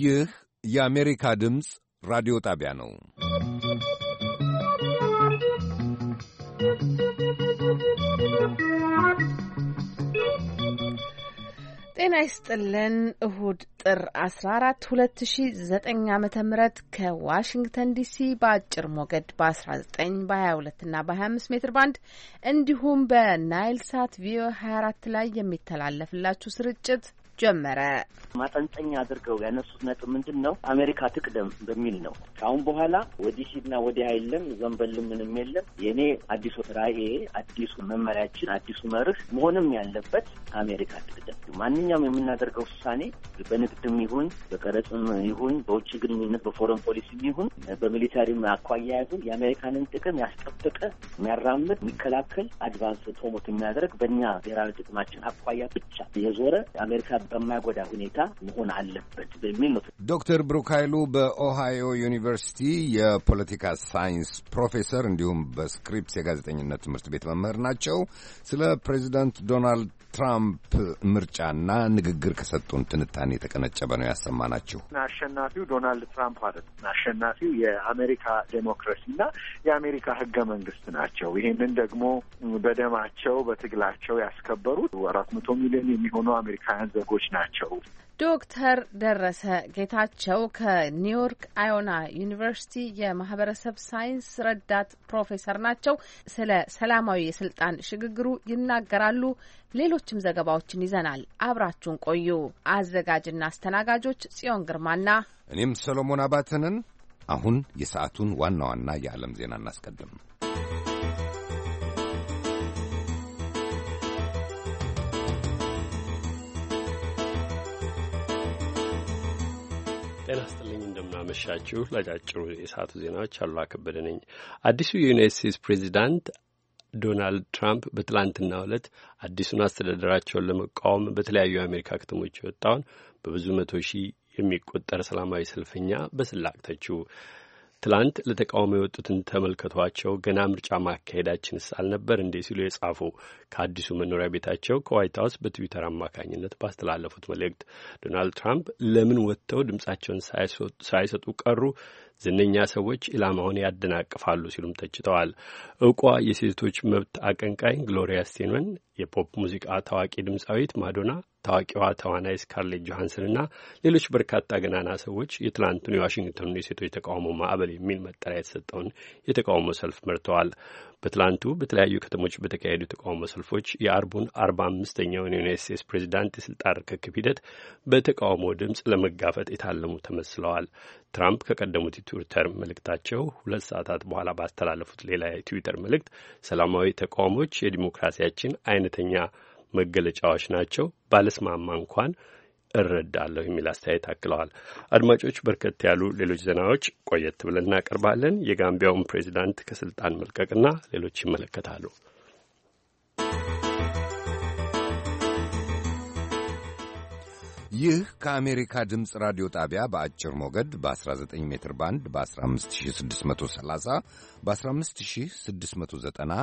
ይህ የአሜሪካ ድምፅ ራዲዮ ጣቢያ ነው። ጤና ይስጥልን። እሁድ ጥር 14 2009 ዓ ም ከዋሽንግተን ዲሲ በአጭር ሞገድ በ19 በ22 እና በ25 ሜትር ባንድ እንዲሁም በናይል ሳት ቪኦኤ 24 ላይ የሚተላለፍላችሁ ስርጭት ጀመረ። ማጠንጠኛ አድርገው ያነሱት ነጥብ ምንድን ነው? አሜሪካ ትቅደም በሚል ነው። ከአሁን በኋላ ወዲህ ሂድና ወዲህ አይለም፣ ዘንበልም ምንም የለም። የእኔ አዲሱ ራዕዬ፣ አዲሱ መመሪያችን፣ አዲሱ መርህ መሆንም ያለበት አሜሪካ ትቅደም። ማንኛውም የምናደርገው ውሳኔ በንግድም ይሁን በቀረጽም ይሁን በውጭ ግንኙነት በፎረን ፖሊሲም ይሁን በሚሊታሪም አኳያ ይሁን የአሜሪካንን ጥቅም ያስጠበቀ የሚያራምድ የሚከላከል አድቫንስ ፕሮሞት የሚያደርግ በእኛ ብሔራዊ ጥቅማችን አኳያ ብቻ የዞረ አሜሪካ በማይጎዳ ሁኔታ መሆን አለበት በሚል ነው። ዶክተር ብሩክ ኃይሉ በኦሃዮ ዩኒቨርሲቲ የፖለቲካ ሳይንስ ፕሮፌሰር እንዲሁም በስክሪፕስ የጋዜጠኝነት ትምህርት ቤት መምህር ናቸው። ስለ ፕሬዚዳንት ዶናልድ ትራምፕ ምርጫና ንግግር ከሰጡን ትንታኔ የተቀነጨበ ነው ያሰማናችሁ። አሸናፊው ዶናልድ ትራምፕ አይደለም። አሸናፊው የአሜሪካ ዴሞክራሲና የአሜሪካ ህገ መንግስት ናቸው። ይሄንን ደግሞ በደማቸው በትግላቸው ያስከበሩት አራት መቶ ሚሊዮን የሚሆኑ አሜሪካውያን ዜጎች ናቸው። ዶክተር ደረሰ ጌታቸው ከኒውዮርክ አዮና ዩኒቨርሲቲ የማህበረሰብ ሳይንስ ረዳት ፕሮፌሰር ናቸው። ስለ ሰላማዊ የስልጣን ሽግግሩ ይናገራሉ። ሌሎችም ዘገባዎችን ይዘናል። አብራችሁን ቆዩ። አዘጋጅና አስተናጋጆች ጽዮን ግርማና እኔም ሰሎሞን አባተንን። አሁን የሰዓቱን ዋና ዋና የዓለም ዜና እናስቀድም። ጤና ስጥልኝ እንደምናመሻችሁ። ለአጫጭሩ የሰዓቱ ዜናዎች አሉላ ከበደ ነኝ። አዲሱ የዩናይት ስቴትስ ፕሬዚዳንት ዶናልድ ትራምፕ በትላንትናው ዕለት አዲሱን አስተዳደራቸውን ለመቃወም በተለያዩ የአሜሪካ ከተሞች የወጣውን በብዙ መቶ ሺህ የሚቆጠር ሰላማዊ ሰልፈኛ በስላቅ ተችው። ትላንት ለተቃውሞ የወጡትን ተመልከቷቸው ገና ምርጫ ማካሄዳችንስ አልነበር እንዴ ሲሉ የጻፉ ከአዲሱ መኖሪያ ቤታቸው ከዋይት ሀውስ በትዊተር አማካኝነት ባስተላለፉት መልእክት ዶናልድ ትራምፕ ለምን ወጥተው ድምጻቸውን ሳይሰጡ ቀሩ? ዝነኛ ሰዎች ኢላማውን ያደናቅፋሉ ሲሉም ተችተዋል። እውቋ የሴቶች መብት አቀንቃኝ ግሎሪያ ስቴንመን፣ የፖፕ ሙዚቃ ታዋቂ ድምፃዊት ማዶና ታዋቂዋ ተዋናይ ስካርሌት እና ሌሎች በርካታ ገናና ሰዎች የትላንቱን የዋሽንግተኑን የሴቶች ተቃውሞ ማዕበል የሚል መጠሪያ የተሰጠውን የተቃውሞ ሰልፍ መርተዋል። በትላንቱ በተለያዩ ከተሞች በተካሄዱ የተቃውሞ ሰልፎች የአርቡን አርባ አምስተኛውን የዩናይት ስቴትስ ፕሬዚዳንት የስልጣን ርክክብ ሂደት በተቃውሞ ድምፅ ለመጋፈጥ የታለሙ ተመስለዋል። ትራምፕ ከቀደሙት የትዊተር መልእክታቸው ሁለት ሰዓታት በኋላ ባስተላለፉት ሌላ የትዊተር መልእክት ሰላማዊ ተቃውሞች የዲሞክራሲያችን አይነተኛ መገለጫዎች ናቸው። ባለስማማ እንኳን እረዳለሁ የሚል አስተያየት አክለዋል። አድማጮች፣ በርከት ያሉ ሌሎች ዜናዎች ቆየት ብለን እናቀርባለን። የጋምቢያውን ፕሬዚዳንት ከስልጣን መልቀቅና ሌሎች ይመለከታሉ። ይህ ከአሜሪካ ድምፅ ራዲዮ ጣቢያ በአጭር ሞገድ በ19 ሜትር ባንድ በ15630 በ15690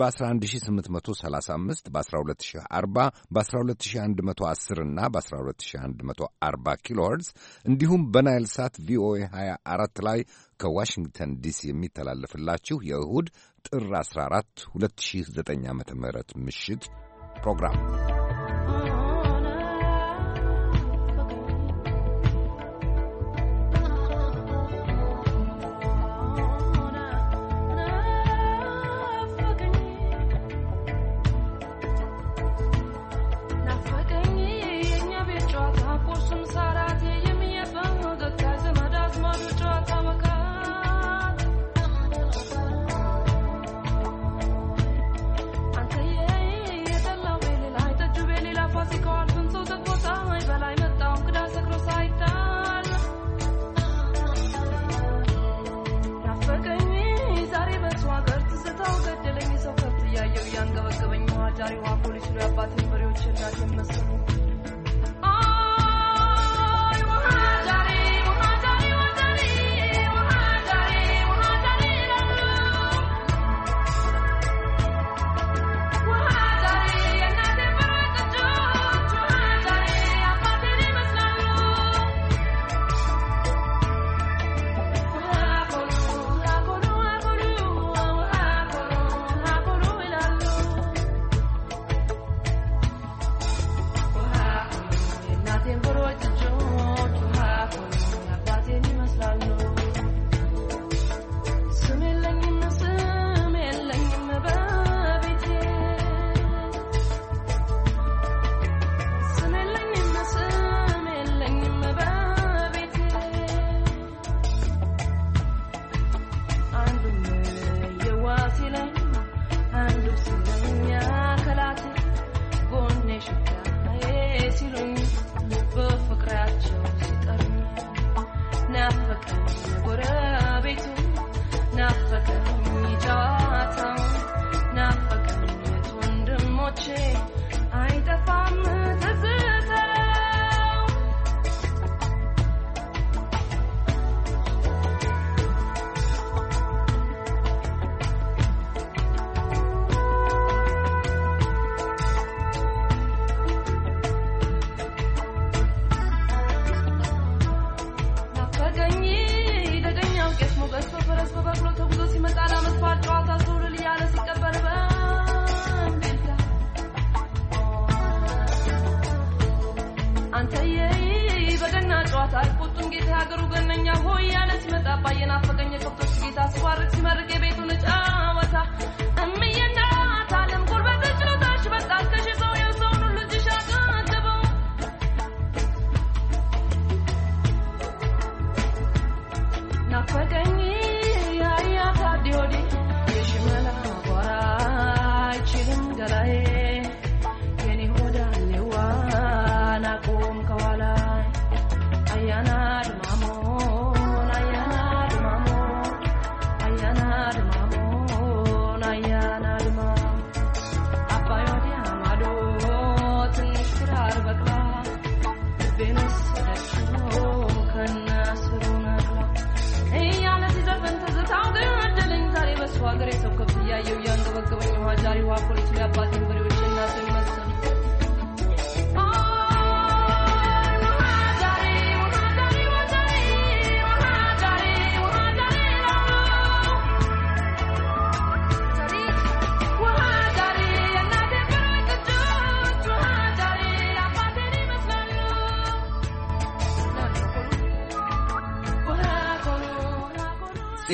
በ11835 በ12040 በ12110 እና በ12140 ኪሎ ሄርዝ እንዲሁም በናይል ሳት ቪኦኤ 24 ላይ ከዋሽንግተን ዲሲ የሚተላለፍላችሁ የእሁድ ጥር 14 2009 ዓ ም ምሽት ፕሮግራም ዛሬ ፖሊስ የችሉ ያባትን በሬዎች እናት የመሰሉ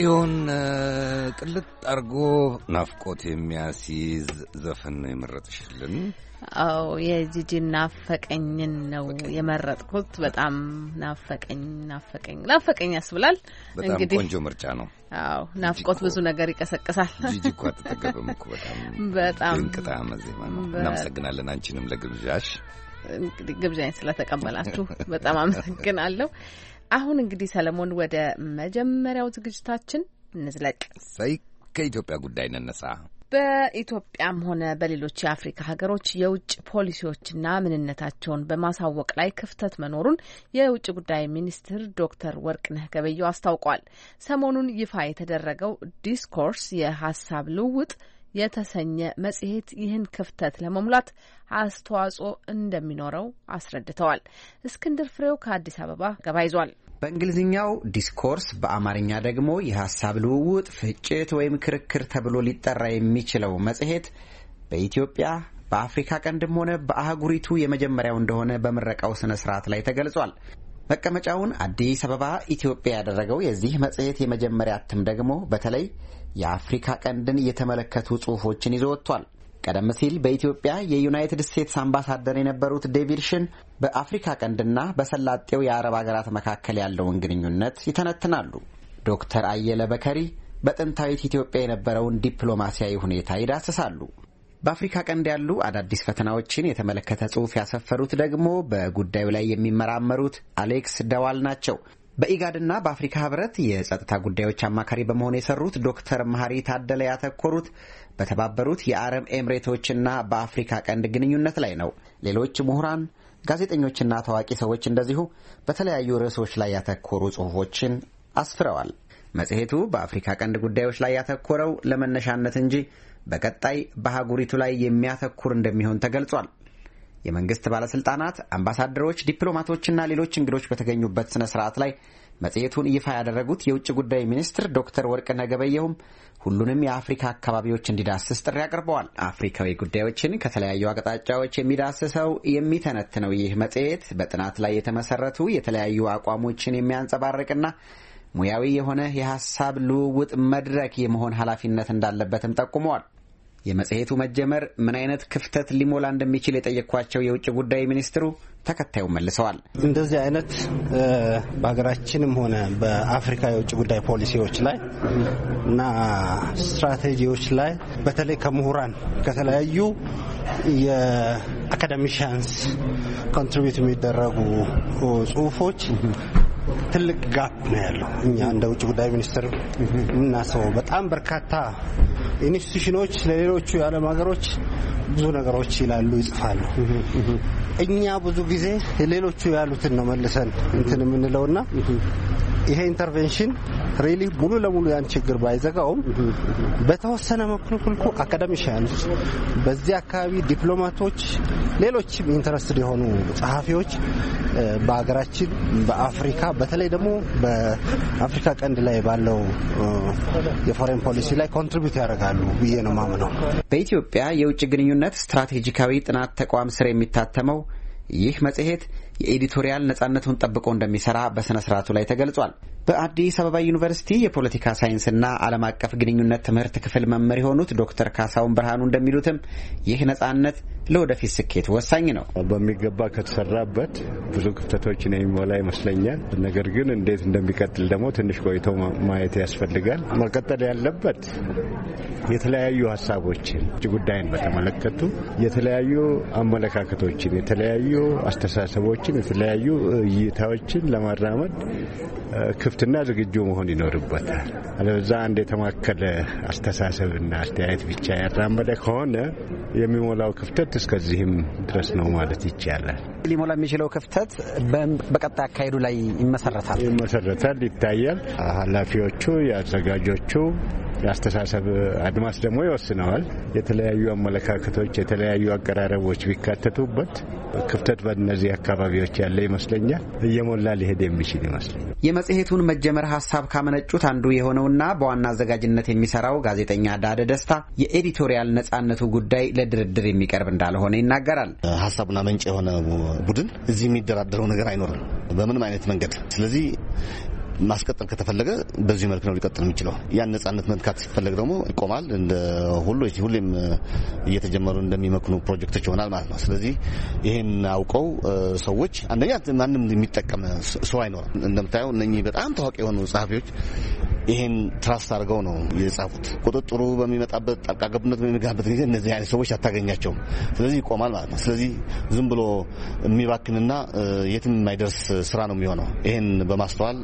ጽዮን ቅልጥ አርጎ ናፍቆት የሚያስይዝ ዘፈን ነው የመረጥሽልን። አዎ የጂጂ ናፈቀኝን ነው የመረጥኩት። በጣም ናፈቀኝ ናፈቀኝ ናፈቀኝ ያስብላል። በጣም ቆንጆ ምርጫ ነው። አዎ ናፍቆት ብዙ ነገር ይቀሰቅሳል። ጂጂ እኮ አትጠገብም እኮ በጣም ድንቅ ጣዕመ ዜማ ነው። እናመሰግናለን አንቺንም ለግብዣሽ እንግዲህ ግብዣኝ ስለተቀበላችሁ በጣም አመሰግናለሁ። አሁን እንግዲህ ሰለሞን ወደ መጀመሪያው ዝግጅታችን እንዝለቅ። ሰይ ከኢትዮጵያ ጉዳይ እንነሳ። በኢትዮጵያም ሆነ በሌሎች የአፍሪካ ሀገሮች የውጭ ፖሊሲዎችና ምንነታቸውን በማሳወቅ ላይ ክፍተት መኖሩን የውጭ ጉዳይ ሚኒስትር ዶክተር ወርቅነህ ገበየው አስታውቋል። ሰሞኑን ይፋ የተደረገው ዲስኮርስ የሀሳብ ልውውጥ የተሰኘ መጽሔት ይህን ክፍተት ለመሙላት አስተዋጽኦ እንደሚኖረው አስረድተዋል። እስክንድር ፍሬው ከአዲስ አበባ ገባ ይዟል። በእንግሊዝኛው ዲስኮርስ በአማርኛ ደግሞ የሀሳብ ልውውጥ፣ ፍጭት ወይም ክርክር ተብሎ ሊጠራ የሚችለው መጽሔት በኢትዮጵያ በአፍሪካ ቀንድም ሆነ በአህጉሪቱ የመጀመሪያው እንደሆነ በምረቃው ስነ ስርዓት ላይ ተገልጿል። መቀመጫውን አዲስ አበባ ኢትዮጵያ ያደረገው የዚህ መጽሔት የመጀመሪያ እትም ደግሞ በተለይ የአፍሪካ ቀንድን የተመለከቱ ጽሑፎችን ይዞ ወጥቷል። ቀደም ሲል በኢትዮጵያ የዩናይትድ ስቴትስ አምባሳደር የነበሩት ዴቪድ ሽን በአፍሪካ ቀንድና በሰላጤው የአረብ ሀገራት መካከል ያለውን ግንኙነት ይተነትናሉ። ዶክተር አየለ በከሪ በጥንታዊት ኢትዮጵያ የነበረውን ዲፕሎማሲያዊ ሁኔታ ይዳስሳሉ። በአፍሪካ ቀንድ ያሉ አዳዲስ ፈተናዎችን የተመለከተ ጽሑፍ ያሰፈሩት ደግሞ በጉዳዩ ላይ የሚመራመሩት አሌክስ ደዋል ናቸው። በኢጋድና በአፍሪካ ህብረት የጸጥታ ጉዳዮች አማካሪ በመሆን የሰሩት ዶክተር መሐሪ ታደለ ያተኮሩት በተባበሩት የአረብ ኤምሬቶችና በአፍሪካ ቀንድ ግንኙነት ላይ ነው። ሌሎች ምሁራን፣ ጋዜጠኞችና ታዋቂ ሰዎች እንደዚሁ በተለያዩ ርዕሶች ላይ ያተኮሩ ጽሑፎችን አስፍረዋል። መጽሔቱ በአፍሪካ ቀንድ ጉዳዮች ላይ ያተኮረው ለመነሻነት እንጂ በቀጣይ በአህጉሪቱ ላይ የሚያተኩር እንደሚሆን ተገልጿል። የመንግስት ባለስልጣናት፣ አምባሳደሮች፣ ዲፕሎማቶችና ሌሎች እንግዶች በተገኙበት ስነ ስርዓት ላይ መጽሔቱን ይፋ ያደረጉት የውጭ ጉዳይ ሚኒስትር ዶክተር ወርቅነህ ገበየሁም ሁሉንም የአፍሪካ አካባቢዎች እንዲዳስስ ጥሪ አቅርበዋል። አፍሪካዊ ጉዳዮችን ከተለያዩ አቅጣጫዎች የሚዳስሰው የሚተነትነው ይህ መጽሔት በጥናት ላይ የተመሰረቱ የተለያዩ አቋሞችን የሚያንጸባርቅና ሙያዊ የሆነ የሀሳብ ልውውጥ መድረክ የመሆን ኃላፊነት እንዳለበትም ጠቁመዋል። የመጽሔቱ መጀመር ምን አይነት ክፍተት ሊሞላ እንደሚችል የጠየኳቸው የውጭ ጉዳይ ሚኒስትሩ ተከታዩን መልሰዋል። እንደዚህ አይነት በሀገራችንም ሆነ በአፍሪካ የውጭ ጉዳይ ፖሊሲዎች ላይ እና ስትራቴጂዎች ላይ በተለይ ከምሁራን ከተለያዩ የአካዳሚሻንስ ኮንትሪቢዩት የሚደረጉ ጽሁፎች ትልቅ ጋፕ ነው ያለው። እኛ እንደ ውጭ ጉዳይ ሚኒስትር የምናስበው በጣም በርካታ ኢንስቲቱሽኖች ለሌሎቹ የዓለም ሀገሮች ብዙ ነገሮች ይላሉ፣ ይጽፋሉ። እኛ ብዙ ጊዜ ሌሎቹ ያሉትን ነው መልሰን እንትን የምንለውና ይሄ ኢንተርቬንሽን ሪሊ ሙሉ ለሙሉ ያን ችግር ባይዘጋውም በተወሰነ መኩልኩልኩ አካዳሚሽያንስ በዚህ አካባቢ ዲፕሎማቶች፣ ሌሎችም ኢንተረስትድ የሆኑ ጸሐፊዎች በሀገራችን በአፍሪካ በተለይ ደግሞ በአፍሪካ ቀንድ ላይ ባለው የፎሬን ፖሊሲ ላይ ኮንትሪቢዩት ያደርጋሉ ብዬ ነው ማምነው። በኢትዮጵያ የውጭ ግንኙነት ስትራቴጂካዊ ጥናት ተቋም ስር የሚታተመው ይህ መጽሔት የኤዲቶሪያል ነጻነቱን ጠብቆ እንደሚሰራ በሥነ ስርዓቱ ላይ ተገልጿል። በአዲስ አበባ ዩኒቨርሲቲ የፖለቲካ ሳይንስና ዓለም አቀፍ ግንኙነት ትምህርት ክፍል መምህር የሆኑት ዶክተር ካሳሁን ብርሃኑ እንደሚሉትም ይህ ነጻነት ለወደፊት ስኬት ወሳኝ ነው። በሚገባ ከተሰራበት ብዙ ክፍተቶችን የሚሞላ ይመስለኛል። ነገር ግን እንዴት እንደሚቀጥል ደግሞ ትንሽ ቆይቶ ማየት ያስፈልጋል። መቀጠል ያለበት የተለያዩ ሀሳቦችን ውጭ ጉዳይን በተመለከቱ የተለያዩ አመለካከቶችን፣ የተለያዩ አስተሳሰቦችን ሀሳቦችን፣ የተለያዩ እይታዎችን ለማራመድ ክፍትና ዝግጁ መሆን ይኖርበታል። አለበዛ አንድ የተማከለ አስተሳሰብና አስተያየት ብቻ ያራመደ ከሆነ የሚሞላው ክፍተት እስከዚህም ድረስ ነው ማለት ይቻላል። ሊሞላ የሚችለው ክፍተት በቀጣይ አካሄዱ ላይ ይመሰረታል ይመሰረታል ይታያል። ኃላፊዎቹ የአዘጋጆቹ የአስተሳሰብ አድማስ ደግሞ ይወስነዋል። የተለያዩ አመለካከቶች፣ የተለያዩ አቀራረቦች ቢካተቱበት ክፍተት በእነዚህ አካባቢ አካባቢዎች ያለ ይመስለኛል። እየሞላ ሊሄድ የሚችል ይመስለኛል። የመጽሔቱን መጀመር ሀሳብ ካመነጩት አንዱ የሆነውና በዋና አዘጋጅነት የሚሰራው ጋዜጠኛ ዳደ ደስታ የኤዲቶሪያል ነጻነቱ ጉዳይ ለድርድር የሚቀርብ እንዳልሆነ ይናገራል። ሀሳቡና ምንጭ የሆነ ቡድን እዚህ የሚደራደረው ነገር አይኖርም በምንም አይነት መንገድ። ስለዚህ ማስቀጠል ከተፈለገ በዚህ መልክ ነው ሊቀጥል የሚችለው። ያን ነጻነት መንካት ሲፈለግ ደግሞ ይቆማል። እንደ ሁሉ ሁሌም እየተጀመሩ እንደሚመክኑ ፕሮጀክቶች ይሆናል ማለት ነው። ስለዚህ ይህን አውቀው ሰዎች አንደኛ ማንም የሚጠቀም ሰው አይኖርም። እንደምታየው እነኚህ በጣም ታዋቂ የሆኑ ጸሐፊዎች ይህን ትራስት አድርገው ነው የጻፉት። ቁጥጥሩ በሚመጣበት ጣልቃ ገብነት በሚመጣበት ጊዜ እነዚህ አይነት ሰዎች አታገኛቸውም። ስለዚህ ይቆማል ማለት ነው። ስለዚህ ዝም ብሎ የሚባክንና የትም የማይደርስ ስራ ነው የሚሆነው። ይህን በማስተዋል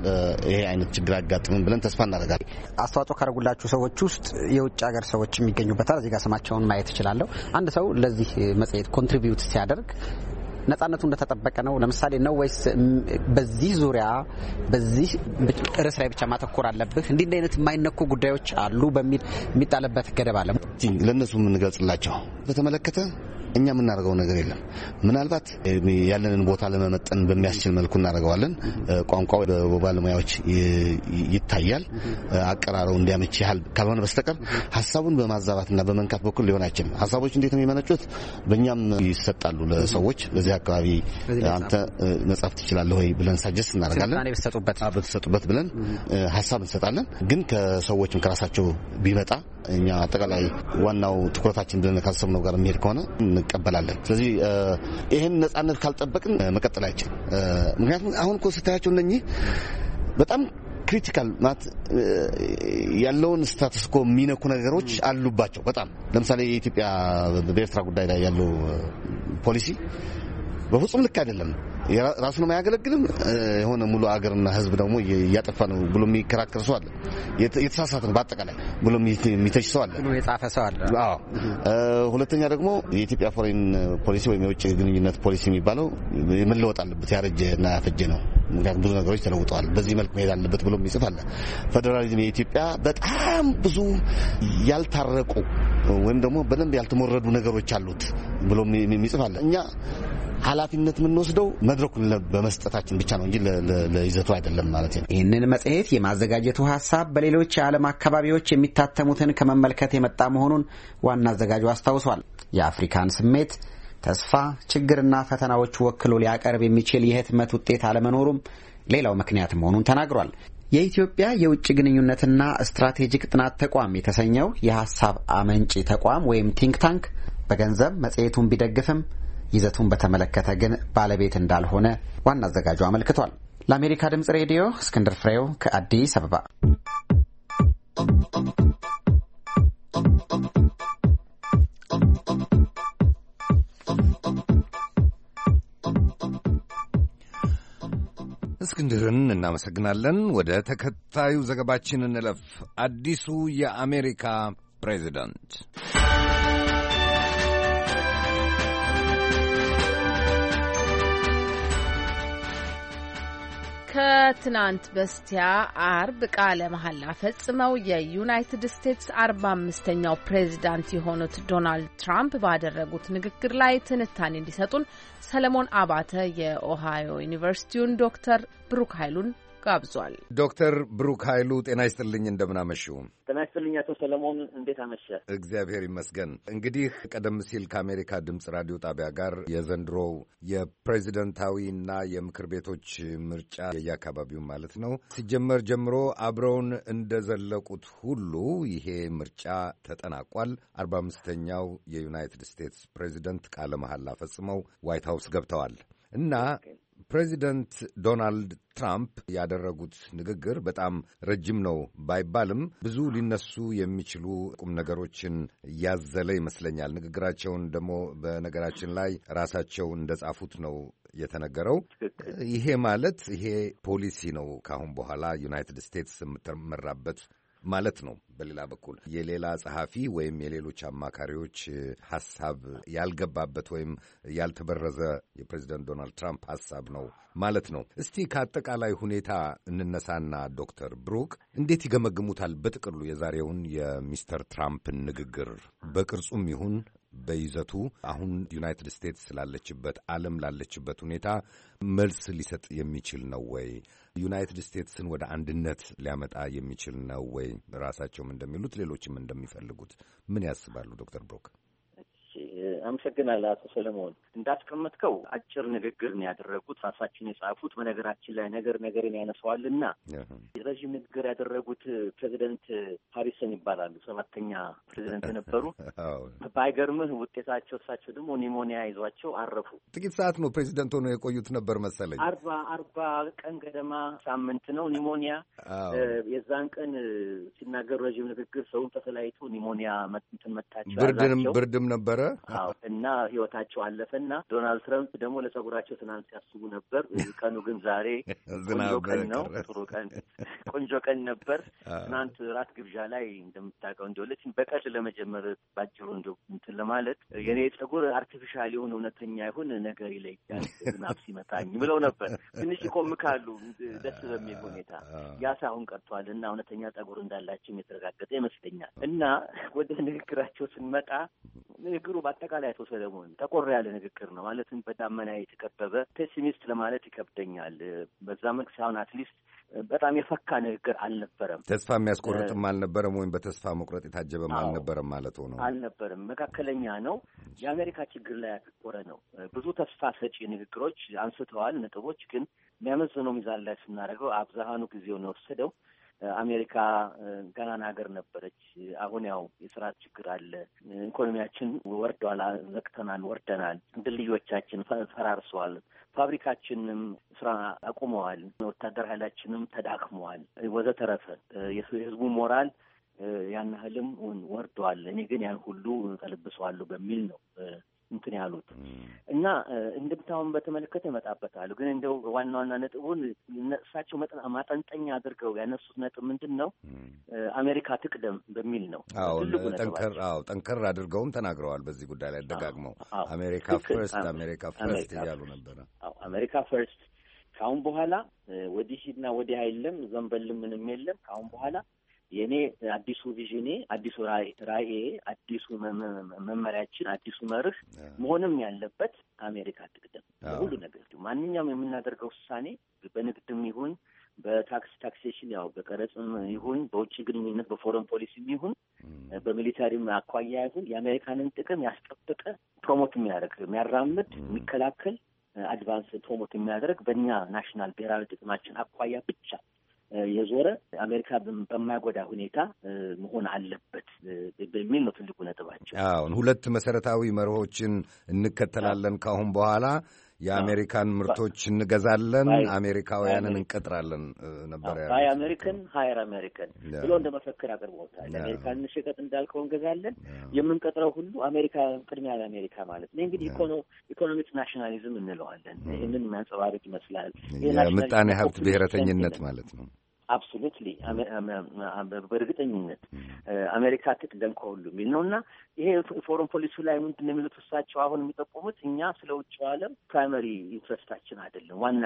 ይሄ አይነት ችግር አያጋጥምም ብለን ተስፋ እናደርጋለን። አስተዋጽኦ ካደረጉላችሁ ሰዎች ውስጥ የውጭ ሀገር ሰዎች የሚገኙበታል። እዚህ ጋር ስማቸውን ማየት እችላለሁ። አንድ ሰው ለዚህ መጽሔት ኮንትሪቢዩት ሲያደርግ ነጻነቱ እንደተጠበቀ ነው። ለምሳሌ ነው ወይስ በዚህ ዙሪያ በዚህ ርዕስ ላይ ብቻ ማተኮር አለብህ? እንዲህ እንደ አይነት የማይነኩ ጉዳዮች አሉ በሚል የሚጣልበት ገደብ አለ ለእነሱ የምንገልጽላቸው በተመለከተ እኛ የምናደርገው ነገር የለም። ምናልባት ያለንን ቦታ ለመመጠን በሚያስችል መልኩ እናደርገዋለን። ቋንቋው በባለሙያዎች ይታያል። አቀራረው እንዲያመች ያህል ካልሆነ በስተቀር ሀሳቡን በማዛባትና በመንካት በኩል ሊሆን አይችልም። ሀሳቦች እንዴት ነው የሚመነጩት? በእኛም ይሰጣሉ ለሰዎች። በዚህ አካባቢ አንተ መጻፍ ትችላለህ ወይ ብለን ሳጀስት እናደርጋለን። በተሰጡበት ብለን ሀሳብ እንሰጣለን። ግን ከሰዎችም ከራሳቸው ቢመጣ እኛ አጠቃላይ ዋናው ትኩረታችን ብለን ካሰብነው ጋር የሚሄድ ከሆነ እንቀበላለን። ስለዚህ ይህን ነጻነት ካልጠበቅን መቀጠል አይችል። ምክንያቱም አሁን እኮ ስታያቸው እነኚህ በጣም ክሪቲካል ማለት ያለውን ኮ የሚነኩ ነገሮች አሉባቸው። በጣም ለምሳሌ የኢትዮጵያ በኤርትራ ጉዳይ ላይ ያለው ፖሊሲ በፍጹም ልክ አይደለም። ራሱንም አያገለግልም። የሆነ ሙሉ አገርና ህዝብ ደግሞ እያጠፋ ነው ብሎ የሚከራከር ሰው አለ። የተሳሳተ ነው በአጠቃላይ ብሎ የሚተች ሰው አለ፣ የጻፈ ሰው አለ። ሁለተኛ ደግሞ የኢትዮጵያ ፎሬን ፖሊሲ ወይም የውጭ ግንኙነት ፖሊሲ የሚባለው መለወጥ አለበት። ያረጀ እና ያፈጀ ነው ምክንያቱም ብዙ ነገሮች ተለውጠዋል። በዚህ መልክ መሄድ አለበት ብሎ የሚጽፍ አለ። ፌዴራሊዝም የኢትዮጵያ በጣም ብዙ ያልታረቁ ወይም ደግሞ በደንብ ያልተሞረዱ ነገሮች አሉት ብሎ የሚጽፍ አለ። እኛ ኃላፊነት የምንወስደው መድረኩን በመስጠታችን ብቻ ነው እንጂ ለይዘቱ አይደለም ማለት ነው። ይህንን መጽሔት የማዘጋጀቱ ሀሳብ በሌሎች የዓለም አካባቢዎች የሚታተሙትን ከመመልከት የመጣ መሆኑን ዋና አዘጋጁ አስታውሷል። የአፍሪካን ስሜት ተስፋ፣ ችግርና ፈተናዎች ወክሎ ሊያቀርብ የሚችል የህትመት ውጤት አለመኖሩም ሌላው ምክንያት መሆኑን ተናግሯል። የኢትዮጵያ የውጭ ግንኙነትና ስትራቴጂክ ጥናት ተቋም የተሰኘው የሀሳብ አመንጪ ተቋም ወይም ቲንክ ታንክ በገንዘብ መጽሔቱን ቢደግፍም ይዘቱን በተመለከተ ግን ባለቤት እንዳልሆነ ዋና አዘጋጁ አመልክቷል። ለአሜሪካ ድምፅ ሬዲዮ እስክንድር ፍሬው ከአዲስ አበባ እስክንድርን እናመሰግናለን። ወደ ተከታዩ ዘገባችን እንለፍ። አዲሱ የአሜሪካ ፕሬዚዳንት ከትናንት በስቲያ አርብ ቃለ መሐላ ፈጽመው የዩናይትድ ስቴትስ አርባ አምስተኛው ፕሬዚዳንት የሆኑት ዶናልድ ትራምፕ ባደረጉት ንግግር ላይ ትንታኔ እንዲሰጡን ሰለሞን አባተ የኦሃዮ ዩኒቨርሲቲውን ዶክተር ብሩክ ኃይሉን ጋብዟል። ዶክተር ብሩክ ኃይሉ ጤና ይስጥልኝ፣ እንደምናመሹ። ጤና ይስጥልኝ አቶ ሰለሞን፣ እንዴት አመሸ? እግዚአብሔር ይመስገን። እንግዲህ ቀደም ሲል ከአሜሪካ ድምፅ ራዲዮ ጣቢያ ጋር የዘንድሮው የፕሬዚደንታዊና የምክር ቤቶች ምርጫ የየአካባቢው ማለት ነው ሲጀመር ጀምሮ አብረውን እንደዘለቁት ሁሉ ይሄ ምርጫ ተጠናቋል። አርባ አምስተኛው የዩናይትድ ስቴትስ ፕሬዚደንት ቃለ መሐላ ፈጽመው ዋይት ሀውስ ገብተዋል እና ፕሬዚደንት ዶናልድ ትራምፕ ያደረጉት ንግግር በጣም ረጅም ነው ባይባልም ብዙ ሊነሱ የሚችሉ ቁም ነገሮችን ያዘለ ይመስለኛል። ንግግራቸውን ደግሞ በነገራችን ላይ ራሳቸው እንደጻፉት ነው የተነገረው። ይሄ ማለት ይሄ ፖሊሲ ነው፣ ከአሁን በኋላ ዩናይትድ ስቴትስ የምትመራበት ማለት ነው። በሌላ በኩል የሌላ ጸሐፊ ወይም የሌሎች አማካሪዎች ሀሳብ ያልገባበት ወይም ያልተበረዘ የፕሬዚደንት ዶናልድ ትራምፕ ሀሳብ ነው ማለት ነው። እስቲ ከአጠቃላይ ሁኔታ እንነሳና ዶክተር ብሩክ እንዴት ይገመግሙታል? በጥቅሉ የዛሬውን የሚስተር ትራምፕን ንግግር በቅርጹም ይሁን በይዘቱ አሁን ዩናይትድ ስቴትስ ላለችበት ዓለም ላለችበት ሁኔታ መልስ ሊሰጥ የሚችል ነው ወይ? ዩናይትድ ስቴትስን ወደ አንድነት ሊያመጣ የሚችል ነው ወይ? ራሳቸውም እንደሚሉት ሌሎችም እንደሚፈልጉት ምን ያስባሉ ዶክተር ብሮክ? አመሰግናለሁ አቶ ሰለሞን። እንዳስቀመጥከው አጭር ንግግር ነው ያደረጉት ራሳችን የጻፉት። በነገራችን ላይ ነገር ነገርን ያነሰዋል እና ረዥም ንግግር ያደረጉት ፕሬዚደንት ሀሪሰን ይባላሉ። ሰባተኛ ፕሬዚደንት የነበሩ ባይገርምህ ውጤታቸው እሳቸው ደግሞ ኒሞኒያ ይዟቸው አረፉ። ጥቂት ሰዓት ነው ፕሬዚደንት ሆነው የቆዩት ነበር መሰለኝ። አርባ አርባ ቀን ገደማ ሳምንት ነው ኒሞኒያ። የዛን ቀን ሲናገሩ ረዥም ንግግር ሰውን ተተለያይቶ ኒሞኒያ እንትን መታቸው። ብርድም ነበረ እና ህይወታቸው አለፈና ዶናልድ ትራምፕ ደግሞ ለጸጉራቸው ትናንት ሲያስቡ ነበር። ቀኑ ግን ዛሬ ቆንጆ ቀን ነው። ጥሩ ቀን፣ ቆንጆ ቀን ነበር። ትናንት ራት ግብዣ ላይ እንደምታውቀው እንዲ ለችን በቀል ለመጀመር ባጭሩ እንዲ እንትን ለማለት የኔ ጸጉር አርቲፊሻል ይሁን እውነተኛ ይሁን ነገር ይለያል፣ ዝናብ ሲመታኝ ብለው ነበር። ትንሽ ይቆምካሉ ደስ በሚል ሁኔታ ያ አሁን ቀርቷል እና እውነተኛ ጸጉር እንዳላቸው የተረጋገጠ ይመስለኛል። እና ወደ ንግግራቸው ስንመጣ ንግግሩ በአጠቃላይ አቶ ሰለሞን ጠቆር ያለ ንግግር ነው። ማለትም በዳመና የተከበበ ፔሲሚስት ለማለት ይከብደኛል። በዛ መልክ ሳይሆን አትሊስት በጣም የፈካ ንግግር አልነበረም። ተስፋ የሚያስቆርጥም አልነበረም፣ ወይም በተስፋ መቁረጥ የታጀበም አልነበረም ማለት ነው። አልነበረም፣ መካከለኛ ነው። የአሜሪካ ችግር ላይ ያተኮረ ነው። ብዙ ተስፋ ሰጪ ንግግሮች አንስተዋል፣ ነጥቦች ግን የሚያመዝነው ሚዛን ላይ ስናደርገው አብዛሃኑ ጊዜውን የወሰደው አሜሪካ ገናና ሀገር ነበረች። አሁን ያው የስራ ችግር አለ። ኢኮኖሚያችን ወርደዋል፣ ዘግተናል፣ ወርደናል። ድልድዮቻችን ፈራርሰዋል። ፋብሪካችንም ስራ አቁመዋል። ወታደር ኃይላችንም ተዳክመዋል፣ ወዘተረፈ የህዝቡ ሞራል ያን ያህልም ወርደዋል። እኔ ግን ያን ሁሉ ተለብሰዋለሁ በሚል ነው እንትን ያሉት እና እንድምታውን በተመለከተ ይመጣበታሉ። ግን እንደው ዋና ዋና ነጥቡን እሳቸው ማጠንጠኛ አድርገው ያነሱት ነጥብ ምንድን ነው? አሜሪካ ትቅደም በሚል ነው። አዎ ጠንከር አድርገውም ተናግረዋል። በዚህ ጉዳይ ላይ አደጋግመው አሜሪካ ፈርስት፣ አሜሪካ ፈርስት እያሉ ነበረ። አሜሪካ ፈርስት ከአሁን በኋላ ወዲህ ወዲህ አይለም፣ ዘንበልም ምንም የለም ከአሁን በኋላ የእኔ አዲሱ ቪዥኔ አዲሱ ራዕዬ አዲሱ መመሪያችን አዲሱ መርህ መሆንም ያለበት አሜሪካ ትቅደም ሁሉ ነገር ማንኛውም የምናደርገው ውሳኔ በንግድም ይሁን በታክስ ታክሴሽን ያው በቀረጽም ይሁን በውጭ ግንኙነት በፎረን ፖሊሲም ይሁን በሚሊታሪም አኳያ ይሁን የአሜሪካንን ጥቅም ያስጠበቀ ፕሮሞት የሚያደርግ የሚያራምድ የሚከላከል አድቫንስ ፕሮሞት የሚያደርግ በእኛ ናሽናል ብሔራዊ ጥቅማችን አኳያ ብቻ የዞረ አሜሪካ በማይጎዳ ሁኔታ መሆን አለበት በሚል ነው ትልቁ ነጥባቸው። አሁን ሁለት መሰረታዊ መርሆችን እንከተላለን ካሁን በኋላ የአሜሪካን ምርቶች እንገዛለን፣ አሜሪካውያንን እንቀጥራለን ነበር ያ ባይ አሜሪካን ሀየር አሜሪካን ብሎ እንደ መፈክር አቅርቦታል። የአሜሪካን ሸቀጥ እንዳልከው እንገዛለን፣ የምንቀጥረው ሁሉ አሜሪካ ቅድሚያ ለአሜሪካ ማለት ነው። እንግዲህ ኢኮኖሚክ ናሽናሊዝም እንለዋለን። ይህንን የሚያንጸባርቅ ይመስላል። የምጣኔ ሀብት ብሔረተኝነት ማለት ነው። አብሶሉትሊ mm. በእርግጠኝነት mm. አሜሪካ ትቅደም ከሁሉ የሚል ነው እና ይሄ ፎረን ፖሊሲ ላይ ምንድን ነው የሚሉት እሳቸው አሁን የሚጠቁሙት እኛ ስለ ውጭ ዓለም ፕራይመሪ ኢንትረስታችን አይደለም ዋና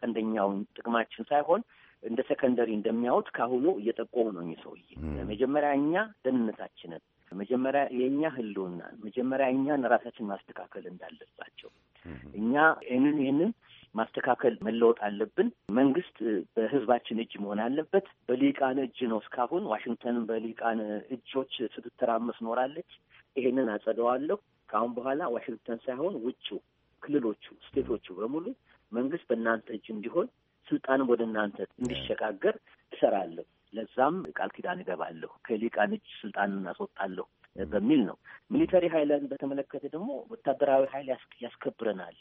ቀንደኛውን ጥቅማችን ሳይሆን እንደ ሰከንደሪ እንደሚያዩት ከአሁኑ እየጠቆሙ ነው እኚህ ሰውዬ። mm. መጀመሪያ እኛ ደህንነታችንን፣ መጀመሪያ የእኛ ህልውናን፣ መጀመሪያ እኛን ራሳችን ማስተካከል እንዳለባቸው mm-hmm. እኛ ይህንን ይህንን ማስተካከል መለወጥ አለብን። መንግስት በህዝባችን እጅ መሆን አለበት። በሊቃን እጅ ነው እስካሁን። ዋሽንግተን በሊቃን እጆች ስትተራመስ ኖራለች። ይሄንን አጸደዋለሁ። ከአሁን በኋላ ዋሽንግተን ሳይሆን ውጩ ክልሎቹ፣ ስቴቶቹ በሙሉ መንግስት በእናንተ እጅ እንዲሆን ስልጣንም ወደ እናንተ እንዲሸጋገር እሰራለሁ። ለዛም ቃል ኪዳን እገባለሁ። ከሊቃን እጅ ስልጣን እናስወጣለሁ በሚል ነው። ሚሊተሪ ኃይልን በተመለከተ ደግሞ ወታደራዊ ኃይል ያስከብረናል።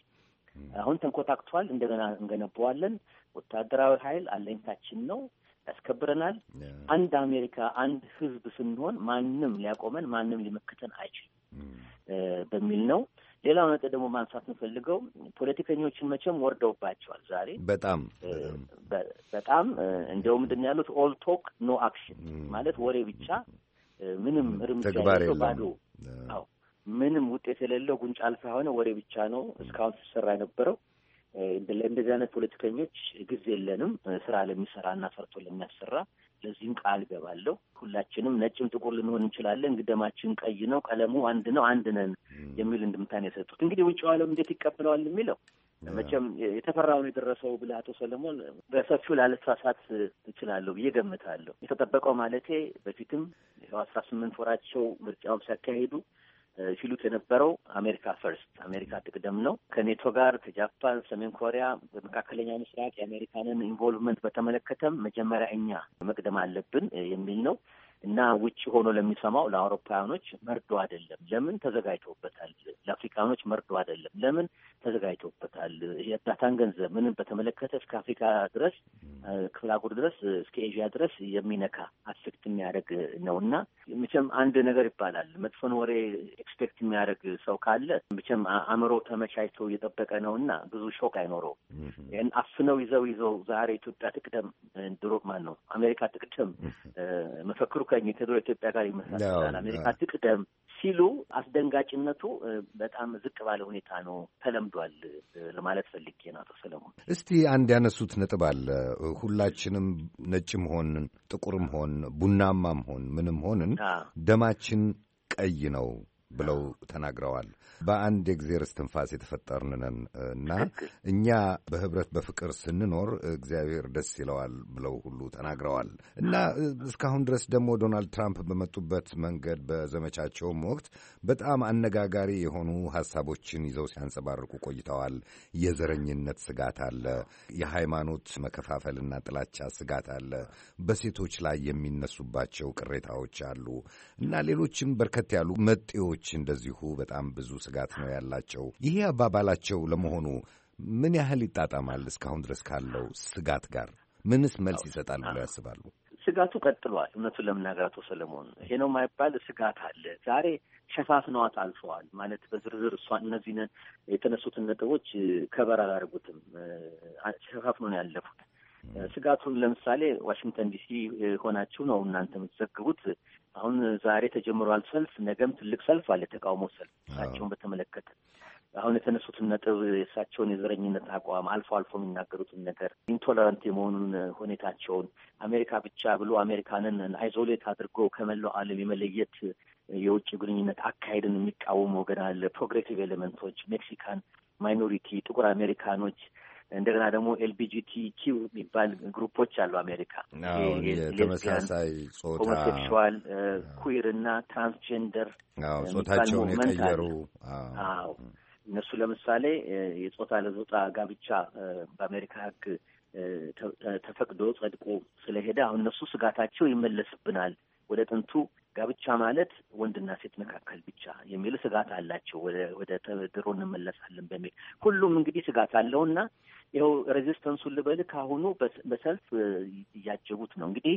አሁን ተንኮታክቷል። እንደገና እንገነባዋለን። ወታደራዊ ኃይል አለኝታችን ነው፣ ያስከብረናል። አንድ አሜሪካ፣ አንድ ህዝብ ስንሆን ማንም ሊያቆመን ማንም ሊመክተን አይችልም በሚል ነው። ሌላው ነጥብ ደግሞ ማንሳት የምፈልገው ፖለቲከኞችን መቼም ወርደውባቸዋል። ዛሬ በጣም በጣም እንዲያው ምንድን ነው ያሉት ኦል ቶክ ኖ አክሽን ማለት ወሬ ብቻ ምንም እርምጃ ባዶ ምንም ውጤት የሌለው ጉንጫ አልፋ የሆነ ወሬ ብቻ ነው እስካሁን ሲሰራ የነበረው። እንደዚህ አይነት ፖለቲከኞች ጊዜ የለንም። ስራ ለሚሰራ እና ሰርቶ ለሚያሰራ ለዚህም ቃል ገባለሁ። ሁላችንም ነጭም ጥቁር ልንሆን እንችላለን። ግደማችን ቀይ ነው፣ ቀለሙ አንድ ነው፣ አንድ ነን የሚል እንድምታን የሰጡት እንግዲህ ውጭ ዓለም እንዴት ይቀበለዋል የሚለው መቼም ነው የደረሰው ብለህ አቶ ሰለሞን በሰፊው ላለሳሳት እችላለሁ ብዬ ገምታለሁ። የተጠበቀው ማለቴ በፊትም አስራ ስምንት ወራቸው ምርጫውም ሲያካሄዱ። ሲሉት የነበረው አሜሪካ ፈርስት አሜሪካ ጥቅደም ነው። ከኔቶ ጋር ከጃፓን፣ ሰሜን ኮሪያ፣ በመካከለኛ ምስራቅ የአሜሪካንን ኢንቮልቭመንት በተመለከተም መጀመሪያ እኛ መቅደም አለብን የሚል ነው። እና ውጭ ሆኖ ለሚሰማው ለአውሮፓውያኖች መርዶ አይደለም። ለምን ተዘጋጅቶበታል? ለአፍሪካኖች መርዶ አይደለም። ለምን ተዘጋጅቶበታል? የእርዳታን ገንዘብ ምንም በተመለከተ እስከ አፍሪካ ድረስ ክፍለ አህጉር ድረስ እስከ ኤዥያ ድረስ የሚነካ አፌክት የሚያደርግ ነው እና መቼም አንድ ነገር ይባላል መጥፎን ወሬ ኤክስፔክት የሚያደርግ ሰው ካለ መቼም አእምሮ ተመቻችቶ እየጠበቀ ነው እና ብዙ ሾክ አይኖረው። ይህን አፍነው ይዘው ይዘው ዛሬ ኢትዮጵያ ትቅደም ድሮ ማን ነው አሜሪካ ትቅደም መፈክሩ አትቀኝ ከድሮ ኢትዮጵያ ጋር ይመሳሰላል፣ አሜሪካ ትቅደም ሲሉ አስደንጋጭነቱ በጣም ዝቅ ባለ ሁኔታ ነው ተለምዷል ለማለት ፈልጌ ነው። አቶ ሰለሞን እስቲ አንድ ያነሱት ነጥብ አለ። ሁላችንም ነጭም ሆን ጥቁርም ሆን ቡናማም ሆን ምንም ሆንን ደማችን ቀይ ነው ብለው ተናግረዋል። በአንድ የእግዜር እስትንፋስ የተፈጠርን ነን እና እኛ በህብረት በፍቅር ስንኖር እግዚአብሔር ደስ ይለዋል ብለው ሁሉ ተናግረዋል እና እስካሁን ድረስ ደግሞ ዶናልድ ትራምፕ በመጡበት መንገድ በዘመቻቸውም ወቅት በጣም አነጋጋሪ የሆኑ ሀሳቦችን ይዘው ሲያንጸባርቁ ቆይተዋል። የዘረኝነት ስጋት አለ፣ የሃይማኖት መከፋፈልና ጥላቻ ስጋት አለ፣ በሴቶች ላይ የሚነሱባቸው ቅሬታዎች አሉ እና ሌሎችም በርከት ያሉ መጤዎች እንደዚሁ በጣም ብዙ ስጋት ነው ያላቸው። ይሄ አባባላቸው ለመሆኑ ምን ያህል ይጣጣማል እስካሁን ድረስ ካለው ስጋት ጋር? ምንስ መልስ ይሰጣል ብለው ያስባሉ? ስጋቱ ቀጥሏል። እውነቱን ለምናገር አቶ ሰለሞን ይሄ ነው የማይባል ስጋት አለ። ዛሬ ሸፋፍነዋት አልፈዋል ማለት በዝርዝር እሷ እነዚህ የተነሱትን ነጥቦች ከበር አላደረጉትም፣ ሸፋፍኖ ነው ያለፉት። ስጋቱን ለምሳሌ ዋሽንግተን ዲሲ ሆናችሁ ነው እናንተ የምትዘግቡት አሁን ዛሬ ተጀምሯል ሰልፍ፣ ነገም ትልቅ ሰልፍ አለ፣ ተቃውሞ ሰልፍ እሳቸውን በተመለከተ አሁን የተነሱትን ነጥብ የእሳቸውን የዘረኝነት አቋም አልፎ አልፎ የሚናገሩትን ነገር ኢንቶለራንት የመሆኑን ሁኔታቸውን አሜሪካ ብቻ ብሎ አሜሪካንን አይዞሌት አድርጎ ከመላው ዓለም የመለየት የውጭ ግንኙነት አካሄድን የሚቃወሙ ወገን አለ። ፕሮግሬሲቭ ኤሌመንቶች፣ ሜክሲካን ማይኖሪቲ፣ ጥቁር አሜሪካኖች እንደገና ደግሞ ኤልቢጂቲ ኪው የሚባል ግሩፖች አሉ አሜሪካ ተመሳሳይ ጾታ ሆሞሴክሹዋል፣ ኩዊር እና ትራንስጀንደር ጾታቸውን የቀየሩ አዎ እነሱ ለምሳሌ የጾታ ለጾታ ጋብቻ በአሜሪካ ህግ ተፈቅዶ ጸድቆ ስለሄደ አሁን እነሱ ስጋታቸው ይመለስብናል ወደ ጥንቱ ጋብቻ ማለት ወንድና ሴት መካከል ብቻ የሚል ስጋት አላቸው። ወደ ድሮ እንመለሳለን በሚል ሁሉም እንግዲህ ስጋት አለው እና ይኸው ሬዚስተንሱ ልበል ከአሁኑ በሰልፍ እያጀቡት ነው። እንግዲህ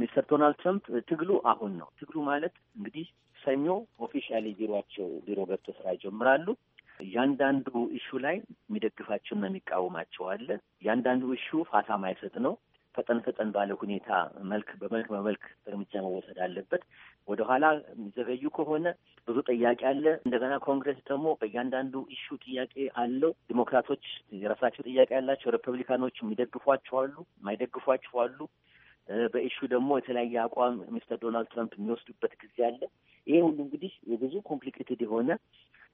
ሚስተር ዶናልድ ትራምፕ ትግሉ አሁን ነው። ትግሉ ማለት እንግዲህ ሰኞ ኦፊሻሊ ቢሮቸው ቢሮ ገብቶ ስራ ይጀምራሉ። እያንዳንዱ ኢሹ ላይ የሚደግፋቸውና የሚቃወማቸው አለ። እያንዳንዱ ኢሹ ፋታ ማይሰጥ ነው። ፈጠን ፈጠን ባለ ሁኔታ መልክ በመልክ በመልክ እርምጃ መወሰድ አለበት። ወደኋላ የሚዘገዩ ከሆነ ብዙ ጥያቄ አለ። እንደገና ኮንግረስ ደግሞ በእያንዳንዱ ኢሹ ጥያቄ አለው። ዲሞክራቶች የራሳቸው ጥያቄ ያላቸው፣ ሪፐብሊካኖች የሚደግፏቸዋሉ፣ የማይደግፏቸዋሉ አሉ። በኢሹ ደግሞ የተለያየ አቋም ሚስተር ዶናልድ ትራምፕ የሚወስዱበት ጊዜ አለ። ይሄ ሁሉ እንግዲህ የብዙ ኮምፕሊኬትድ የሆነ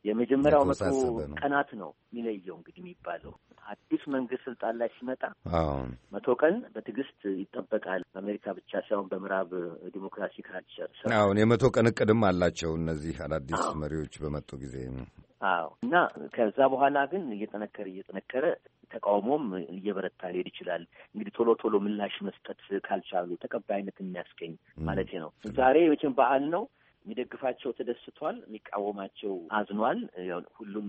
የመጀመሪያው መቶ ቀናት ነው የሚለየው እንግዲህ የሚባለው አዲስ መንግስት ስልጣን ላይ ሲመጣ መቶ ቀን በትዕግስት ይጠበቃል። በአሜሪካ ብቻ ሳይሆን በምዕራብ ዲሞክራሲ ካልቸር አሁን የመቶ ቀን እቅድም አላቸው እነዚህ አዳዲስ መሪዎች በመጡ ጊዜ አዎ እና ከዛ በኋላ ግን እየጠነከረ እየጠነከረ ተቃውሞም እየበረታ ሊሄድ ይችላል። እንግዲህ ቶሎ ቶሎ ምላሽ መስጠት ካልቻሉ ተቀባይነት የሚያስገኝ ማለት ነው። ዛሬ መቼም በዓል ነው። የሚደግፋቸው ተደስቷል፣ የሚቃወማቸው አዝኗል። ሁሉም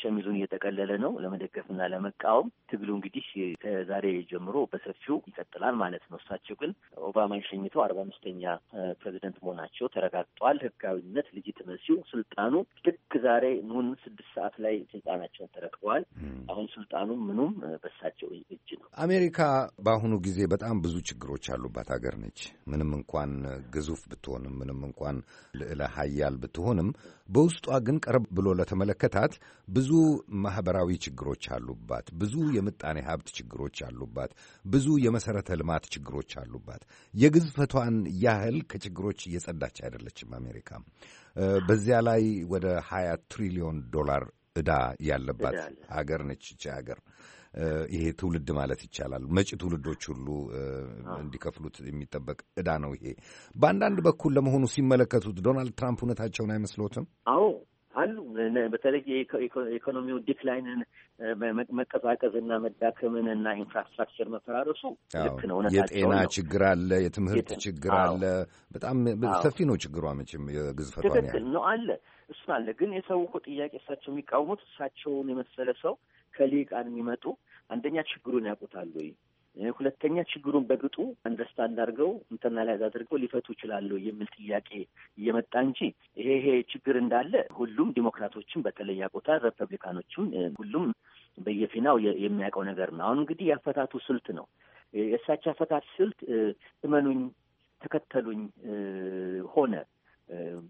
ሸሚዙን እየጠቀለለ ነው ለመደገፍና ለመቃወም። ትግሉ እንግዲህ ከዛሬ ጀምሮ በሰፊው ይቀጥላል ማለት ነው። እሳቸው ግን ኦባማን ሸኝተው አርባ አምስተኛ ፕሬዚደንት መሆናቸው ተረጋግጧል። ህጋዊነት ልጅትመሲው ስልጣኑ ልክ ዛሬ ሙን ስድስት ሰዓት ላይ ስልጣናቸውን ተረክበዋል። አሁን ስልጣኑ ምኑም በሳቸው እጅ ነው። አሜሪካ በአሁኑ ጊዜ በጣም ብዙ ችግሮች ያሉባት ሀገር ነች። ምንም እንኳን ግዙፍ ብትሆንም፣ ምንም እንኳን ልዕለ ሀያል ብትሆንም በውስጧ ግን ቀረብ ብሎ ለተመለከታት ብዙ ማህበራዊ ችግሮች አሉባት፣ ብዙ የምጣኔ ሀብት ችግሮች አሉባት፣ ብዙ የመሰረተ ልማት ችግሮች አሉባት። የግዝፈቷን ያህል ከችግሮች እየጸዳች አይደለችም አሜሪካ። በዚያ ላይ ወደ ሀያ ትሪሊዮን ዶላር ዕዳ ያለባት ሀገር ነች ይቺ ሀገር። ይሄ ትውልድ ማለት ይቻላል መጪ ትውልዶች ሁሉ እንዲከፍሉት የሚጠበቅ እዳ ነው ይሄ። በአንዳንድ በኩል ለመሆኑ ሲመለከቱት ዶናልድ ትራምፕ እውነታቸውን አይመስሎትም? አዎ አሉ። በተለይ የኢኮኖሚው ዲክላይንን መቀዛቀዝና መዳከምን እና ኢንፍራስትራክቸር መፈራረሱ ልክ ነው። የጤና ችግር አለ፣ የትምህርት ችግር አለ። በጣም ሰፊ ነው ችግሯ መቼም የግዝፈቷ ትክክል ነው አለ እሱን አለ። ግን የሰው እኮ ጥያቄ እሳቸው የሚቃወሙት እሳቸውን የመሰለ ሰው ከሊቃን የሚመጡ አንደኛ ችግሩን ያውቁታሉ ወይ ሁለተኛ ችግሩን በግጡ አንደርስታንድ አድርገው ኢንተርናላይዝ አድርገው ሊፈቱ ይችላሉ የሚል ጥያቄ እየመጣ እንጂ ይሄ ይሄ ችግር እንዳለ ሁሉም ዲሞክራቶችም በተለይ ያውቁታል፣ ሪፐብሊካኖችም ሁሉም በየፊናው የሚያውቀው ነገር ነው። አሁን እንግዲህ ያፈታቱ ስልት ነው የእሳቸው አፈታት ስልት እመኑኝ፣ ተከተሉኝ ሆነ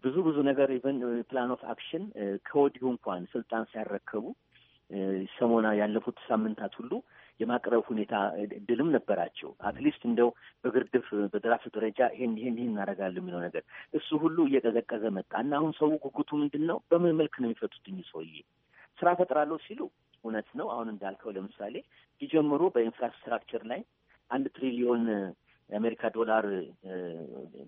ብዙ ብዙ ነገር ኢቨን ፕላን ኦፍ አክሽን ከወዲሁ እንኳን ስልጣን ሲያረከቡ ሰሞና ያለፉት ሳምንታት ሁሉ የማቅረብ ሁኔታ እድልም ነበራቸው። አትሊስት እንደው በግርድፍ በድራፍት ደረጃ ይሄን ይሄን ይህን እናደርጋለን የሚለው ነገር እሱ ሁሉ እየቀዘቀዘ መጣ እና አሁን ሰው ጉጉቱ ምንድን ነው? በምን መልክ ነው የሚፈቱት እኚህ ሰውዬ? ስራ ፈጥራለሁ ሲሉ እውነት ነው። አሁን እንዳልከው ለምሳሌ ሲጀምሩ በኢንፍራስትራክቸር ላይ አንድ ትሪሊዮን የአሜሪካ ዶላር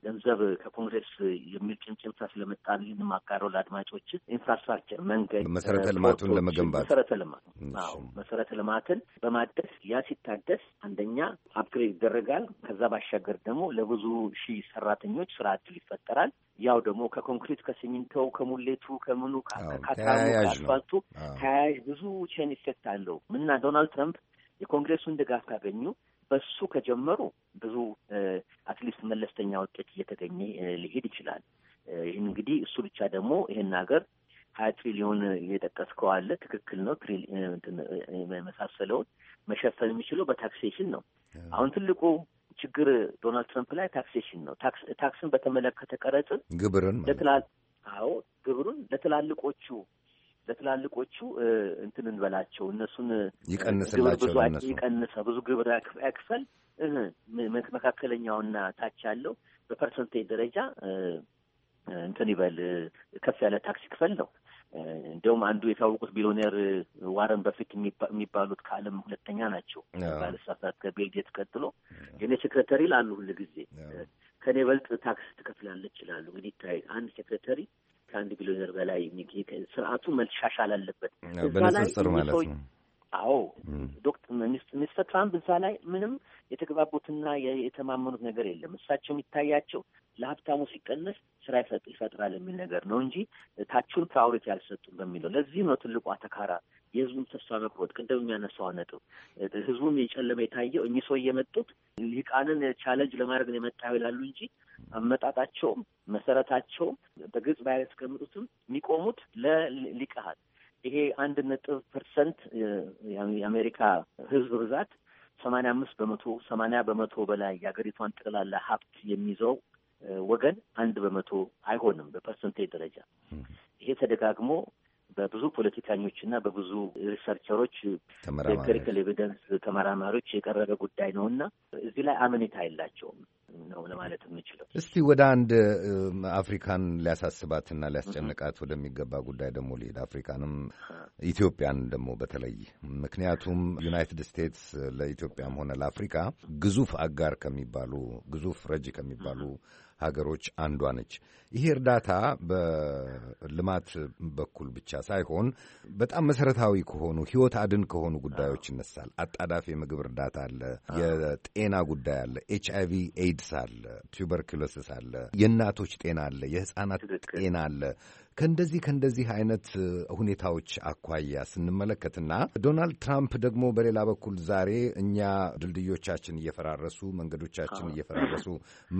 ገንዘብ ከኮንግሬስ የሚል ጭምጭምታ ስለመጣን ይህን ማጋረው ለአድማጮች ኢንፍራስትራክቸር፣ መንገድ፣ መሰረተ ልማቱን ለመገንባት መሰረተ ልማት አዎ መሰረተ ልማትን በማደስ ያ ሲታደስ አንደኛ አፕግሬድ ይደረጋል። ከዛ ባሻገር ደግሞ ለብዙ ሺህ ሰራተኞች ስራ እድል ይፈጠራል። ያው ደግሞ ከኮንክሪት ከሲሚንቶው ከሙሌቱ ከምኑ ከአስፋልቱ ተያያዥ ብዙ ቼን ኢፌክት አለው እና ዶናልድ ትረምፕ የኮንግሬሱን ድጋፍ ካገኙ በሱ ከጀመሩ ብዙ አትሊስት መለስተኛ ውጤት እየተገኘ ሊሄድ ይችላል። ይህን እንግዲህ እሱ ብቻ ደግሞ ይህን ሀገር ሀያ ትሪሊዮን የጠቀስከው አለ ትክክል ነው። መሳሰለውን መሸፈን የሚችለው በታክሴሽን ነው። አሁን ትልቁ ችግር ዶናልድ ትራምፕ ላይ ታክሴሽን ነው። ታክስን በተመለከተ ቀረጽን፣ ግብርን ለትላል አዎ ግብሩን ለትላልቆቹ ትላልቆቹ እንትን እንበላቸው እነሱን ይቀንስላቸው ይቀንሰ ብዙ ግብር ያክፈል መካከለኛውና ታች ያለው በፐርሰንቴጅ ደረጃ እንትን ይበል ከፍ ያለ ታክስ ይክፈል ነው። እንዲሁም አንዱ የታወቁት ቢሊዮኔር ዋረን በፊት የሚባሉት ከዓለም ሁለተኛ ናቸው ባለሳፋት ከቢል ጌት ቀጥሎ የኔ ሴክሬተሪ ላሉ ሁል ጊዜ ከኔ በልጥ ታክስ ትከፍላለች ይችላሉ። እንግዲህ ይታይ አንድ ሴክሬተሪ ከአንድ ቢሊዮነር በላይ ስርዓቱ መልሻሻል አለበት። በንጽጽር ማለት ነው። አዎ ዶክተር ሚስተር ትራምፕ እዛ ላይ ምንም የተግባቡትና የተማመኑት ነገር የለም። እሳቸው የሚታያቸው ለሀብታሙ ሲቀነስ ስራ ይፈጥራል የሚል ነገር ነው እንጂ ታችሁን ፕራዮሪቲ አልሰጡም በሚለው ለዚህ ነው ትልቁ አተካራ የህዝቡን ተስፋ መቁረጥ ቅድም የሚያነሳው ነጥብ ህዝቡም የጨለመ የታየው እኚህ ሰው እየመጡት ሊቃንን ቻለንጅ ለማድረግ ነው የመጣው ይላሉ እንጂ አመጣጣቸውም መሰረታቸውም በግልጽ ላይ ያስቀምጡትም የሚቆሙት ለሊቀሃል ይሄ አንድ ነጥብ ፐርሰንት የአሜሪካ ህዝብ ብዛት ሰማንያ አምስት በመቶ ሰማንያ በመቶ በላይ የሀገሪቷን ጠቅላላ ሀብት የሚይዘው ወገን አንድ በመቶ አይሆንም በፐርሰንቴጅ ደረጃ። ይሄ ተደጋግሞ በብዙ ፖለቲከኞችና በብዙ ሪሰርቸሮች በኤምፒሪካል ኤቪደንስ ተመራማሪዎች የቀረበ ጉዳይ ነው እና እዚህ ላይ አመኔታ የላቸውም ነው ለማለት የምችለው። እስቲ ወደ አንድ አፍሪካን ሊያሳስባትና ሊያስጨንቃት ወደሚገባ ጉዳይ ደግሞ ሊሄድ አፍሪካንም ኢትዮጵያን ደግሞ በተለይ ምክንያቱም ዩናይትድ ስቴትስ ለኢትዮጵያም ሆነ ለአፍሪካ ግዙፍ አጋር ከሚባሉ ግዙፍ ረጅ ከሚባሉ ሀገሮች አንዷ ነች። ይሄ እርዳታ በልማት በኩል ብቻ ሳይሆን በጣም መሰረታዊ ከሆኑ ህይወት አድን ከሆኑ ጉዳዮች ይነሳል። አጣዳፊ የምግብ እርዳታ አለ፣ የጤና ጉዳይ አለ፣ ኤች አይቪ ኤድስ አለ፣ ቱበርኩሎስስ አለ፣ የእናቶች ጤና አለ፣ የህፃናት ጤና አለ። ከእንደዚህ ከእንደዚህ አይነት ሁኔታዎች አኳያ ስንመለከትና ዶናልድ ትራምፕ ደግሞ በሌላ በኩል ዛሬ እኛ ድልድዮቻችን እየፈራረሱ መንገዶቻችን እየፈራረሱ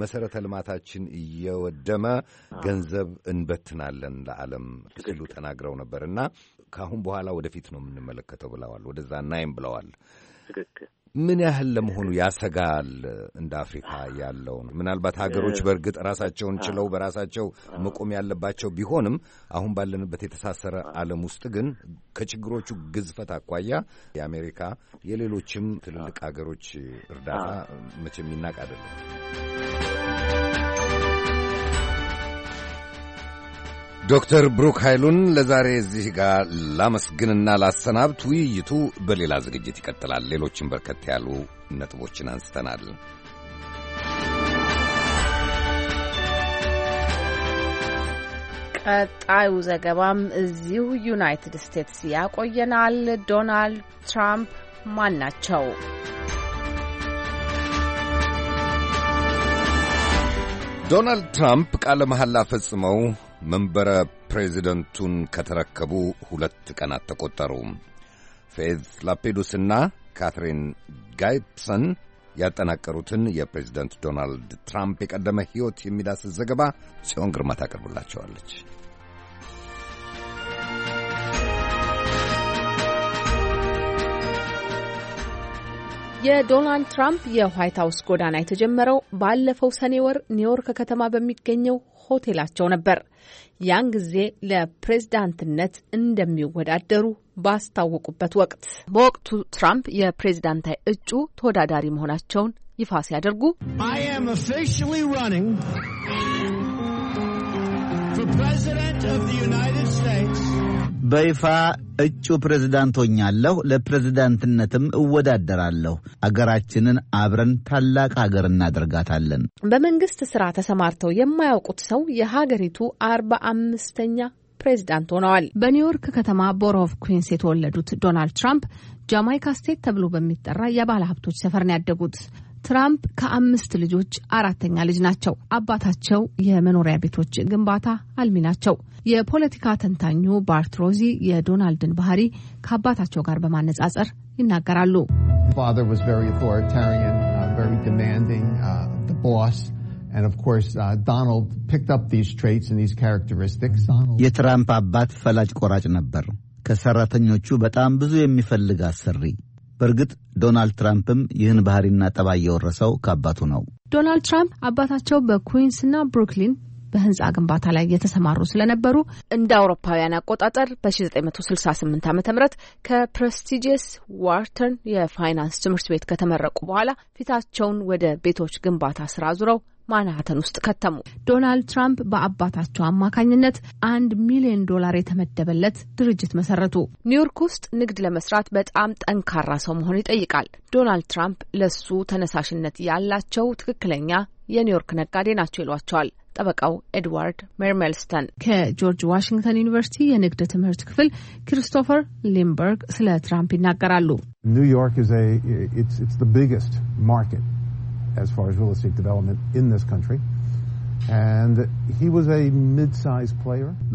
መሰረተ ልማታችን እየወደመ ገንዘብ እንበትናለን ለዓለም ሲሉ ተናግረው ነበር እና ከአሁን በኋላ ወደፊት ነው የምንመለከተው ብለዋል። ወደዛ እናይም ብለዋል። ትክክል ምን ያህል ለመሆኑ ያሰጋል? እንደ አፍሪካ ያለውን ምናልባት ሀገሮች በእርግጥ ራሳቸውን ችለው በራሳቸው መቆም ያለባቸው ቢሆንም አሁን ባለንበት የተሳሰረ ዓለም ውስጥ ግን ከችግሮቹ ግዝፈት አኳያ የአሜሪካ የሌሎችም ትልልቅ ሀገሮች እርዳታ መቼም ይናቅ አይደለም። ዶክተር ብሩክ ኃይሉን ለዛሬ እዚህ ጋር ላመስግንና ላሰናብት። ውይይቱ በሌላ ዝግጅት ይቀጥላል። ሌሎችን በርከት ያሉ ነጥቦችን አንስተናል። ቀጣዩ ዘገባም እዚሁ ዩናይትድ ስቴትስ ያቆየናል። ዶናልድ ትራምፕ ማን ናቸው? ዶናልድ ትራምፕ ቃለ መሐላ ፈጽመው መንበረ ፕሬዚደንቱን ከተረከቡ ሁለት ቀናት ተቆጠሩ። ፌዝ ላፔዱስና ካትሪን ጋይፕሰን ያጠናቀሩትን የፕሬዚደንት ዶናልድ ትራምፕ የቀደመ ሕይወት የሚዳስስ ዘገባ ሲሆን ግርማ ታቀርብላቸዋለች። የዶናልድ ትራምፕ የዋይት ሀውስ ጎዳና የተጀመረው ባለፈው ሰኔ ወር ኒውዮርክ ከተማ በሚገኘው ሆቴላቸው ነበር። ያን ጊዜ ለፕሬዝዳንትነት እንደሚወዳደሩ ባስታወቁበት ወቅት በወቅቱ ትራምፕ የፕሬዝዳንታዊ እጩ ተወዳዳሪ መሆናቸውን ይፋ ሲያደርጉ ፕሬዚዳንት ዩናይትድ ስቴትስ በይፋ እጩ ፕሬዝዳንት ሆኛለሁ። ለፕሬዝዳንትነትም እወዳደራለሁ። አገራችንን አብረን ታላቅ ሀገር እናደርጋታለን። በመንግስት ስራ ተሰማርተው የማያውቁት ሰው የሀገሪቱ አርባ አምስተኛ ፕሬዝዳንት ሆነዋል። በኒውዮርክ ከተማ ቦሮ ኦፍ ኩንስ የተወለዱት ዶናልድ ትራምፕ ጃማይካ ስቴት ተብሎ በሚጠራ የባለ ሀብቶች ሰፈር ነው ያደጉት። ትራምፕ ከአምስት ልጆች አራተኛ ልጅ ናቸው። አባታቸው የመኖሪያ ቤቶች ግንባታ አልሚ ናቸው። የፖለቲካ ተንታኙ ባርት ሮዚ የዶናልድን ባህሪ ከአባታቸው ጋር በማነጻጸር ይናገራሉ። uh, uh, uh, የትራምፕ አባት ፈላጭ ቆራጭ ነበር። ከሰራተኞቹ በጣም ብዙ የሚፈልግ አሰሪ በእርግጥ ዶናልድ ትራምፕም ይህን ባህሪና ጠባይ የወረሰው ከአባቱ ነው። ዶናልድ ትራምፕ አባታቸው በኩዊንስና ብሩክሊን በህንፃ ግንባታ ላይ የተሰማሩ ስለነበሩ እንደ አውሮፓውያን አቆጣጠር በ1968 ዓ ም ከፕሬስቲጂየስ ዋርተን የፋይናንስ ትምህርት ቤት ከተመረቁ በኋላ ፊታቸውን ወደ ቤቶች ግንባታ ስራ አዙረው ማናሃተን ውስጥ ከተሙ። ዶናልድ ትራምፕ በአባታቸው አማካኝነት አንድ ሚሊዮን ዶላር የተመደበለት ድርጅት መሰረቱ። ኒውዮርክ ውስጥ ንግድ ለመስራት በጣም ጠንካራ ሰው መሆን ይጠይቃል። ዶናልድ ትራምፕ ለሱ ተነሳሽነት ያላቸው ትክክለኛ የኒውዮርክ ነጋዴ ናቸው ይሏቸዋል። ጠበቃው ኤድዋርድ ሜርሜልስተን ከጆርጅ ዋሽንግተን ዩኒቨርሲቲ የንግድ ትምህርት ክፍል ክሪስቶፈር ሊምበርግ ስለ ትራምፕ ይናገራሉ። ኒውዮርክ as far as real estate development in this country.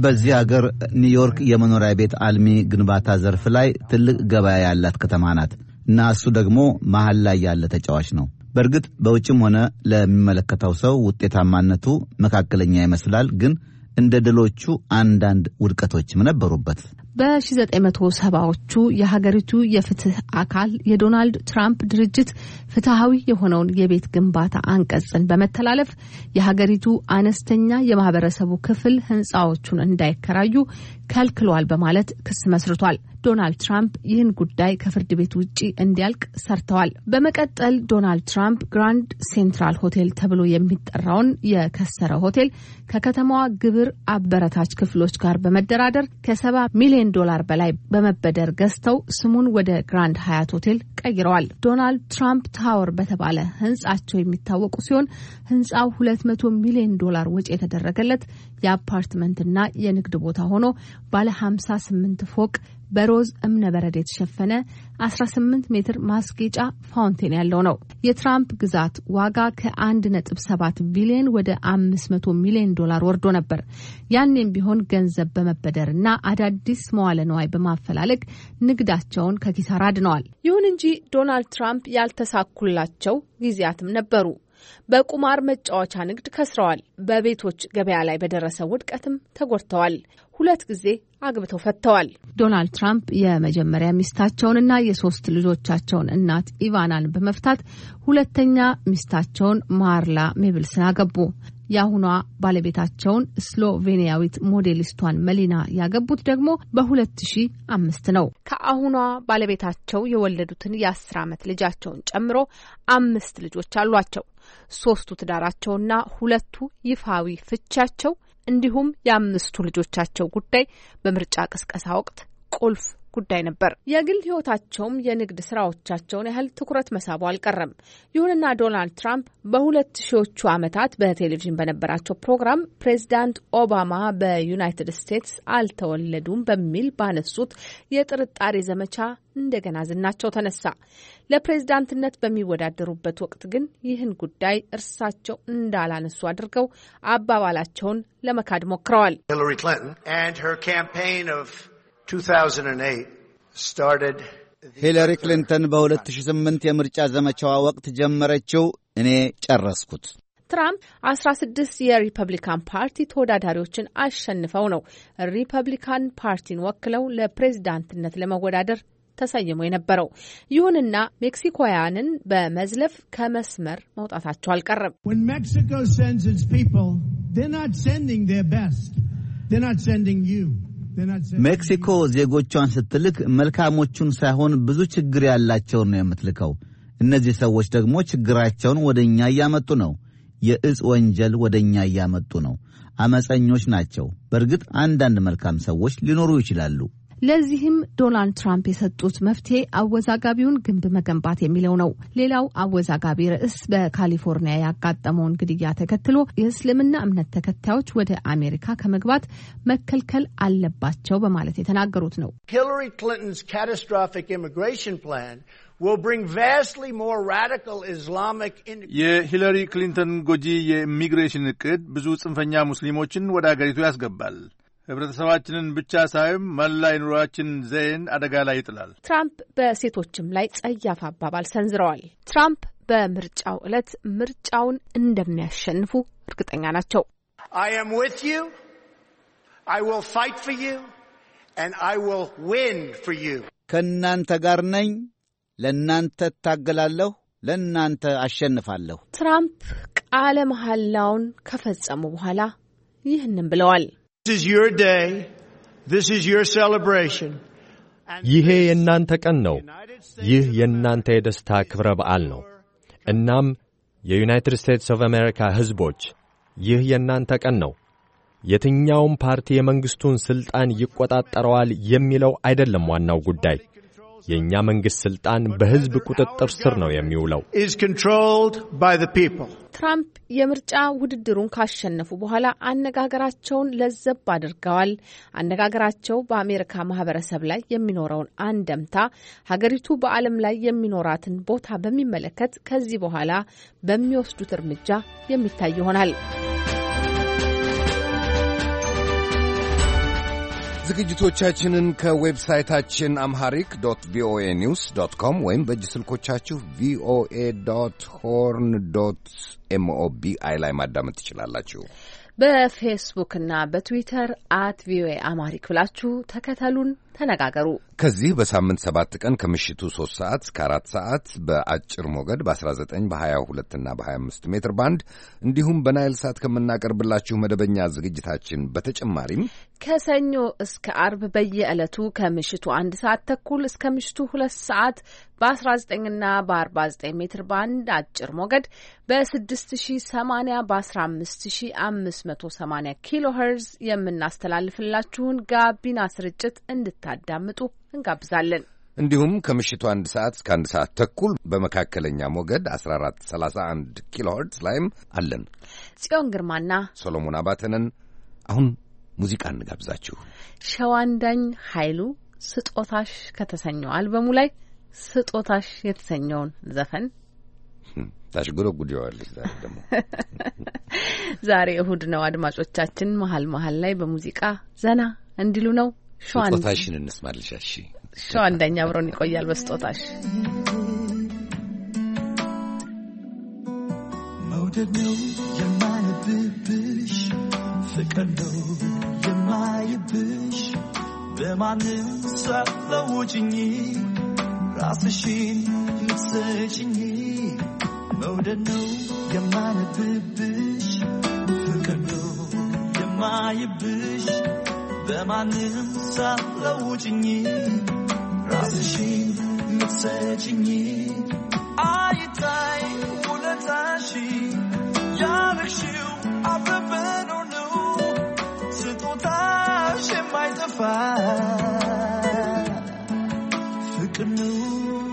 በዚህ ሀገር ኒውዮርክ የመኖሪያ ቤት አልሚ ግንባታ ዘርፍ ላይ ትልቅ ገበያ ያላት ከተማ ናት እና እሱ ደግሞ መሀል ላይ ያለ ተጫዋች ነው። በእርግጥ በውጭም ሆነ ለሚመለከተው ሰው ውጤታማነቱ መካከለኛ ይመስላል ግን እንደ ድሎቹ አንዳንድ ውድቀቶችም ነበሩበት። በ1970ዎቹ የሀገሪቱ የፍትህ አካል የዶናልድ ትራምፕ ድርጅት ፍትሐዊ የሆነውን የቤት ግንባታ አንቀጽን በመተላለፍ የሀገሪቱ አነስተኛ የማህበረሰቡ ክፍል ህንፃዎቹን እንዳይከራዩ ከልክሏል በማለት ክስ መስርቷል። ዶናልድ ትራምፕ ይህን ጉዳይ ከፍርድ ቤት ውጪ እንዲያልቅ ሰርተዋል። በመቀጠል ዶናልድ ትራምፕ ግራንድ ሴንትራል ሆቴል ተብሎ የሚጠራውን የከሰረ ሆቴል ከከተማዋ ግብር አበረታች ክፍሎች ጋር በመደራደር ከሰባ ሚሊዮን ዶላር በላይ በመበደር ገዝተው ስሙን ወደ ግራንድ ሀያት ሆቴል ቀይረዋል። ዶናልድ ትራምፕ ታወር በተባለ ህንጻቸው የሚታወቁ ሲሆን ህንጻው መቶ ሚሊዮን ዶላር ወጪ የተደረገለት የአፓርትመንትና የንግድ ቦታ ሆኖ ባለ ስምንት ፎቅ በሮዝ እብነበረድ የተሸፈነ 18 ሜትር ማስጌጫ ፋውንቴን ያለው ነው። የትራምፕ ግዛት ዋጋ ከ1.7 ቢሊዮን ወደ 500 ሚሊዮን ዶላር ወርዶ ነበር። ያኔም ቢሆን ገንዘብ በመበደር እና አዳዲስ መዋለ ንዋይ በማፈላለግ ንግዳቸውን ከኪሳራ አድነዋል። ይሁን እንጂ ዶናልድ ትራምፕ ያልተሳኩላቸው ጊዜያትም ነበሩ። በቁማር መጫወቻ ንግድ ከስረዋል። በቤቶች ገበያ ላይ በደረሰ ውድቀትም ተጎድተዋል። ሁለት ጊዜ አግብተው ፈተዋል። ዶናልድ ትራምፕ የመጀመሪያ ሚስታቸውንና የሶስት ልጆቻቸውን እናት ኢቫናን በመፍታት ሁለተኛ ሚስታቸውን ማርላ ሜብልስን አገቡ። የአሁኗ ባለቤታቸውን ስሎቬኒያዊት ሞዴሊስቷን መሊና ያገቡት ደግሞ በ2005 ነው። ከአሁኗ ባለቤታቸው የወለዱትን የአስር ዓመት ልጃቸውን ጨምሮ አምስት ልጆች አሏቸው። ሶስቱ ትዳራቸውና ሁለቱ ይፋዊ ፍቻቸው እንዲሁም የአምስቱ ልጆቻቸው ጉዳይ በምርጫ ቅስቀሳ ወቅት ቁልፍ ጉዳይ ነበር። የግል ህይወታቸውም የንግድ ስራዎቻቸውን ያህል ትኩረት መሳቡ አልቀረም። ይሁንና ዶናልድ ትራምፕ በሁለት ሺዎቹ ዓመታት በቴሌቪዥን በነበራቸው ፕሮግራም ፕሬዚዳንት ኦባማ በዩናይትድ ስቴትስ አልተወለዱም በሚል ባነሱት የጥርጣሬ ዘመቻ እንደገና ዝናቸው ተነሳ። ለፕሬዝዳንትነት በሚወዳደሩበት ወቅት ግን ይህን ጉዳይ እርሳቸው እንዳላነሱ አድርገው አባባላቸውን ለመካድ ሞክረዋል። ሂለሪ ክሊንተን በ2008 የምርጫ ዘመቻዋ ወቅት ጀመረችው። እኔ ጨረስኩት። ትራምፕ 16 የሪፐብሊካን ፓርቲ ተወዳዳሪዎችን አሸንፈው ነው ሪፐብሊካን ፓርቲን ወክለው ለፕሬዝዳንትነት ለመወዳደር ተሰይሞ የነበረው። ይሁንና ሜክሲኮውያንን በመዝለፍ ከመስመር መውጣታቸው አልቀረም። ሜክሲኮ ዜጎቿን ስትልክ መልካሞቹን ሳይሆን ብዙ ችግር ያላቸውን ነው የምትልከው። እነዚህ ሰዎች ደግሞ ችግራቸውን ወደ እኛ እያመጡ ነው። የእጽ ወንጀል ወደ እኛ እያመጡ ነው። አመፀኞች ናቸው። በእርግጥ አንዳንድ መልካም ሰዎች ሊኖሩ ይችላሉ። ለዚህም ዶናልድ ትራምፕ የሰጡት መፍትሄ አወዛጋቢውን ግንብ መገንባት የሚለው ነው። ሌላው አወዛጋቢ ርዕስ በካሊፎርኒያ ያጋጠመውን ግድያ ተከትሎ የእስልምና እምነት ተከታዮች ወደ አሜሪካ ከመግባት መከልከል አለባቸው በማለት የተናገሩት ነው። ሂላሪ ክሊንተንስ ካታስትሮፊክ ኢሚግሬሽን ፕላን የሂለሪ ክሊንተን ጎጂ የኢሚግሬሽን እቅድ ብዙ ጽንፈኛ ሙስሊሞችን ወደ አገሪቱ ያስገባል። ህብረተሰባችንን ብቻ ሳይም መላ ኑሯችን ዘይን አደጋ ላይ ይጥላል። ትራምፕ በሴቶችም ላይ ጸያፍ አባባል ሰንዝረዋል። ትራምፕ በምርጫው ዕለት ምርጫውን እንደሚያሸንፉ እርግጠኛ ናቸው። ከእናንተ ጋር ነኝ፣ ለእናንተ እታገላለሁ፣ ለእናንተ አሸንፋለሁ። ትራምፕ ቃለ መሐላውን ከፈጸሙ በኋላ ይህንም ብለዋል። ይሄ የእናንተ ቀን ነው። ይህ የእናንተ የደስታ ክብረ በዓል ነው። እናም የዩናይትድ ስቴትስ ኦፍ አሜሪካ ሕዝቦች ይህ የእናንተ ቀን ነው። የትኛውም ፓርቲ የመንግሥቱን ሥልጣን ይቆጣጠረዋል የሚለው አይደለም ዋናው ጉዳይ። የእኛ መንግሥት ሥልጣን በሕዝብ ቁጥጥር ስር ነው የሚውለው። ትራምፕ የምርጫ ውድድሩን ካሸነፉ በኋላ አነጋገራቸውን ለዘብ አድርገዋል። አነጋገራቸው በአሜሪካ ማህበረሰብ ላይ የሚኖረውን አንደምታ፣ ሀገሪቱ በዓለም ላይ የሚኖራትን ቦታ በሚመለከት ከዚህ በኋላ በሚወስዱት እርምጃ የሚታይ ይሆናል። ዝግጅቶቻችንን ከዌብሳይታችን አምሃሪክ ዶት ቪኦኤ ኒውስ ዶት ኮም ወይም በእጅ ስልኮቻችሁ ቪኦኤ ዶት ሆርን ዶት ኤምኦቢአይ ላይ ማዳመጥ ትችላላችሁ። በፌስቡክና በትዊተር አት ቪኦኤ አማሪክ ብላችሁ ተከተሉን፣ ተነጋገሩ። ከዚህ በሳምንት ሰባት ቀን ከምሽቱ ሶስት ሰዓት እስከ አራት ሰዓት በአጭር ሞገድ በ19 በ22 እና በ25 ሜትር ባንድ እንዲሁም በናይል ሳት ከምናቀርብላችሁ መደበኛ ዝግጅታችን በተጨማሪም ከሰኞ እስከ አርብ በየዕለቱ ከምሽቱ አንድ ሰዓት ተኩል እስከ ምሽቱ ሁለት ሰዓት በ19 እና በ49 ሜትር ባንድ አጭር ሞገድ በ6080 በ15580 ኪሎ ሄርዝ የምናስተላልፍላችሁን ጋቢና ስርጭት እንድት እንድታዳምጡ እንጋብዛለን። እንዲሁም ከምሽቱ አንድ ሰዓት እስከ አንድ ሰዓት ተኩል በመካከለኛ ሞገድ 1431 ኪሎ ሄርትዝ ላይም አለን። ጽዮን ግርማና ሶሎሞን አባተንን አሁን ሙዚቃ እንጋብዛችሁ። ሸዋንዳኝ ኃይሉ ስጦታሽ ከተሰኘው አልበሙ ላይ ስጦታሽ የተሰኘውን ዘፈን ታሽጎደጉደዋለች። ዛሬ ደግሞ ዛሬ እሁድ ነው። አድማጮቻችን መሀል መሀል ላይ በሙዚቃ ዘና እንዲሉ ነው ስጦታሽን እንስማልሻ። እሺ አንደኛ አብሮን ይቆያል በስጦታሽ መውደድ ነው የማንብብሽ ፍቅር ነው የማይብሽ በማንም ሰለውጭኝ ራስሽን ልትሰጭኝ መውደድ ነው የማነብብሽ ፍቅር ነው የማይብሽ 白马银衫了无踪影，让人心目中惊异。爱在不能珍惜，要珍惜啊分分怒怒，只图他先买得欢，此刻怒。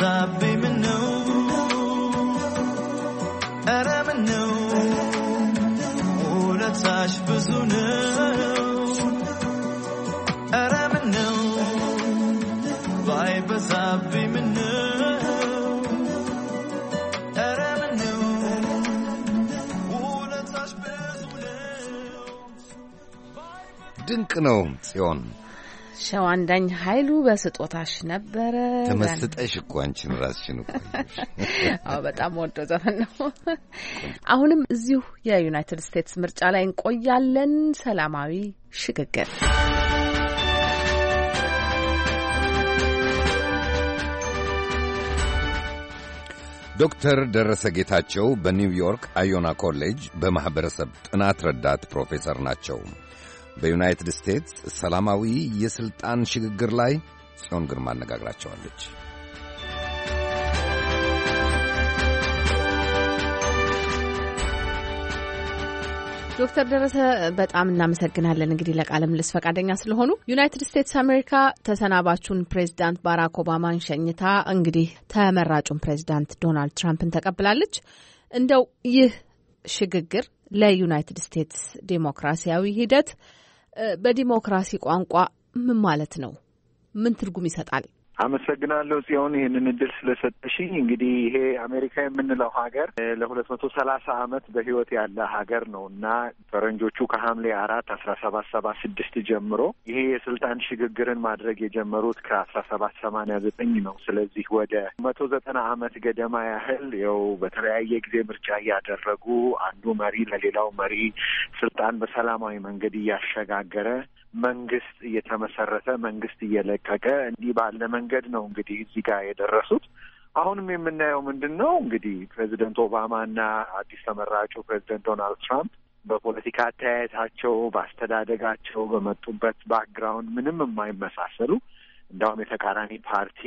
sabe menão, era menão, ora estás bezunão, era menão, vai bazar bem ድንቅ ነው ጽዮን ሸዋን ኃይሉ በስጦታሽ ነበረ ተመስጠሽ እኮ አንቺን ራስሽን እኮ በጣም ወዶ ዘመን ነው። አሁንም እዚሁ የዩናይትድ ስቴትስ ምርጫ ላይ እንቆያለን። ሰላማዊ ሽግግር ዶክተር ደረሰ ጌታቸው በኒውዮርክ አዮና ኮሌጅ በማኅበረሰብ ጥናት ረዳት ፕሮፌሰር ናቸው። በዩናይትድ ስቴትስ ሰላማዊ የሥልጣን ሽግግር ላይ ጽዮን ግርማ አነጋግራቸዋለች። ዶክተር ደረሰ በጣም እናመሰግናለን። እንግዲህ ለቃለ ምልልስ ፈቃደኛ ስለሆኑ ዩናይትድ ስቴትስ አሜሪካ ተሰናባቹን ፕሬዚዳንት ባራክ ኦባማን ሸኝታ እንግዲህ ተመራጩን ፕሬዚዳንት ዶናልድ ትራምፕን ተቀብላለች። እንደው ይህ ሽግግር ለዩናይትድ ስቴትስ ዴሞክራሲያዊ ሂደት በዲሞክራሲ ቋንቋ ምን ማለት ነው? ምን ትርጉም ይሰጣል? አመሰግናለሁ ጽዮን ይህንን እድል ስለሰጠሽኝ። እንግዲህ ይሄ አሜሪካ የምንለው ሀገር ለሁለት መቶ ሰላሳ አመት በህይወት ያለ ሀገር ነው እና ፈረንጆቹ ከሐምሌ አራት አስራ ሰባት ሰባ ስድስት ጀምሮ ይሄ የስልጣን ሽግግርን ማድረግ የጀመሩት ከአስራ ሰባት ሰማንያ ዘጠኝ ነው። ስለዚህ ወደ መቶ ዘጠና አመት ገደማ ያህል ው በተለያየ ጊዜ ምርጫ እያደረጉ አንዱ መሪ ለሌላው መሪ ስልጣን በሰላማዊ መንገድ እያሸጋገረ መንግስት እየተመሰረተ መንግስት እየለቀቀ እንዲህ ባለ መንገድ ነው እንግዲህ እዚህ ጋር የደረሱት። አሁንም የምናየው ምንድን ነው እንግዲህ ፕሬዚደንት ኦባማና አዲስ ተመራጩ ፕሬዚደንት ዶናልድ ትራምፕ በፖለቲካ አተያየታቸው፣ በአስተዳደጋቸው፣ በመጡበት ባክግራውንድ ምንም የማይመሳሰሉ እንዳውም የተቃራኒ ፓርቲ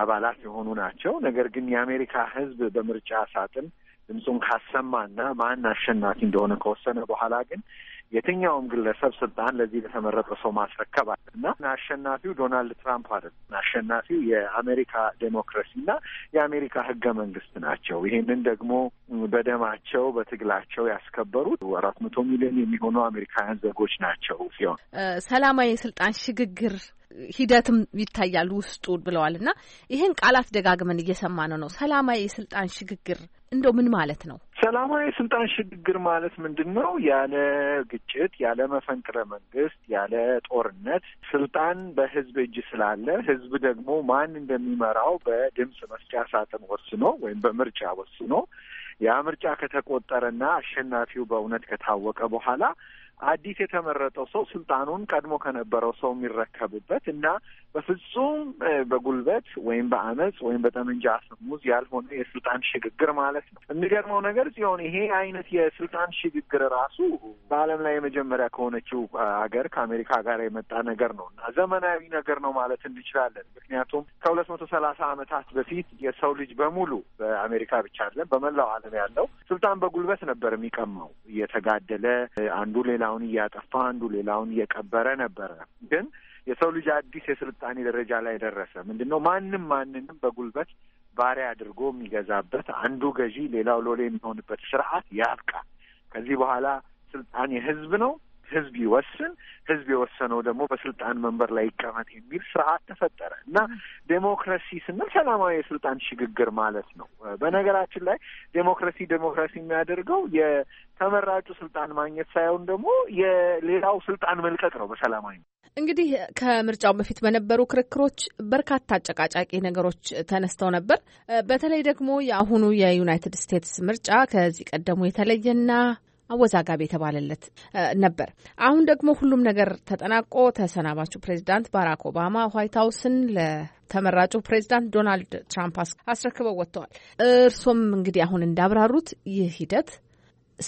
አባላት የሆኑ ናቸው። ነገር ግን የአሜሪካ ሕዝብ በምርጫ ሳጥን ድምፁን ካሰማና ማን አሸናፊ እንደሆነ ከወሰነ በኋላ ግን የትኛውም ግለሰብ ስልጣን ለዚህ ለተመረጠ ሰው ማስረከብ አለ እና አሸናፊው ዶናልድ ትራምፕ አይደለም። አሸናፊው የአሜሪካ ዴሞክራሲና የአሜሪካ ህገ መንግስት ናቸው። ይህንን ደግሞ በደማቸው በትግላቸው ያስከበሩት አራት መቶ ሚሊዮን የሚሆኑ አሜሪካውያን ዜጎች ናቸው ሲሆን ሰላማዊ የስልጣን ሽግግር ሂደትም ይታያል ውስጡ ብለዋል እና ይህን ቃላት ደጋግመን እየሰማን ነው። ሰላማዊ የስልጣን ሽግግር እንደው ምን ማለት ነው? ሰላማዊ የስልጣን ሽግግር ማለት ምንድን ነው? ያለ ግጭት፣ ያለ መፈንቅለ መንግስት፣ ያለ ጦርነት ስልጣን በህዝብ እጅ ስላለ ህዝብ ደግሞ ማን እንደሚመራው በድምፅ መስጫ ሳጥን ወስኖ ወይም በምርጫ ወስኖ ያ ምርጫ ከተቆጠረና አሸናፊው በእውነት ከታወቀ በኋላ አዲስ የተመረጠው ሰው ስልጣኑን ቀድሞ ከነበረው ሰው የሚረከብበት እና በፍጹም በጉልበት ወይም በአመፅ ወይም በጠመንጃ አስሙዝ ያልሆነ የስልጣን ሽግግር ማለት ነው። የሚገርመው ነገር ሲሆን ይሄ አይነት የስልጣን ሽግግር ራሱ በዓለም ላይ የመጀመሪያ ከሆነችው ሀገር ከአሜሪካ ጋር የመጣ ነገር ነው እና ዘመናዊ ነገር ነው ማለት እንችላለን። ምክንያቱም ከሁለት መቶ ሰላሳ አመታት በፊት የሰው ልጅ በሙሉ በአሜሪካ ብቻ አይደለም በመላው ዓለም ያለው ስልጣን በጉልበት ነበር የሚቀማው እየተጋደለ አንዱ ሌላ ሌላውን እያጠፋ አንዱ ሌላውን እየቀበረ ነበረ። ግን የሰው ልጅ አዲስ የስልጣኔ ደረጃ ላይ ደረሰ። ምንድን ነው ማንም ማንንም በጉልበት ባሪያ አድርጎ የሚገዛበት አንዱ ገዢ ሌላው ሎሌ የሚሆንበት ስርዓት ያብቃ። ከዚህ በኋላ ስልጣን የህዝብ ነው። ህዝብ ይወስን፣ ህዝብ የወሰነው ደግሞ በስልጣን መንበር ላይ ይቀመጥ የሚል ስርዓት ተፈጠረ እና ዴሞክራሲ ስንል ሰላማዊ የስልጣን ሽግግር ማለት ነው። በነገራችን ላይ ዴሞክራሲ ዴሞክራሲ የሚያደርገው የተመራጩ ስልጣን ማግኘት ሳይሆን ደግሞ የሌላው ስልጣን መልቀቅ ነው በሰላማዊ እንግዲህ ከምርጫው በፊት በነበሩ ክርክሮች በርካታ አጨቃጫቂ ነገሮች ተነስተው ነበር። በተለይ ደግሞ የአሁኑ የዩናይትድ ስቴትስ ምርጫ ከዚህ ቀደሙ የተለየና አወዛጋቢ የተባለለት ነበር። አሁን ደግሞ ሁሉም ነገር ተጠናቆ ተሰናባቹ ፕሬዚዳንት ባራክ ኦባማ ዋይት ሀውስን ለተመራጩ ፕሬዚዳንት ዶናልድ ትራምፕ አስረክበው ወጥተዋል። እርሶም እንግዲህ አሁን እንዳብራሩት ይህ ሂደት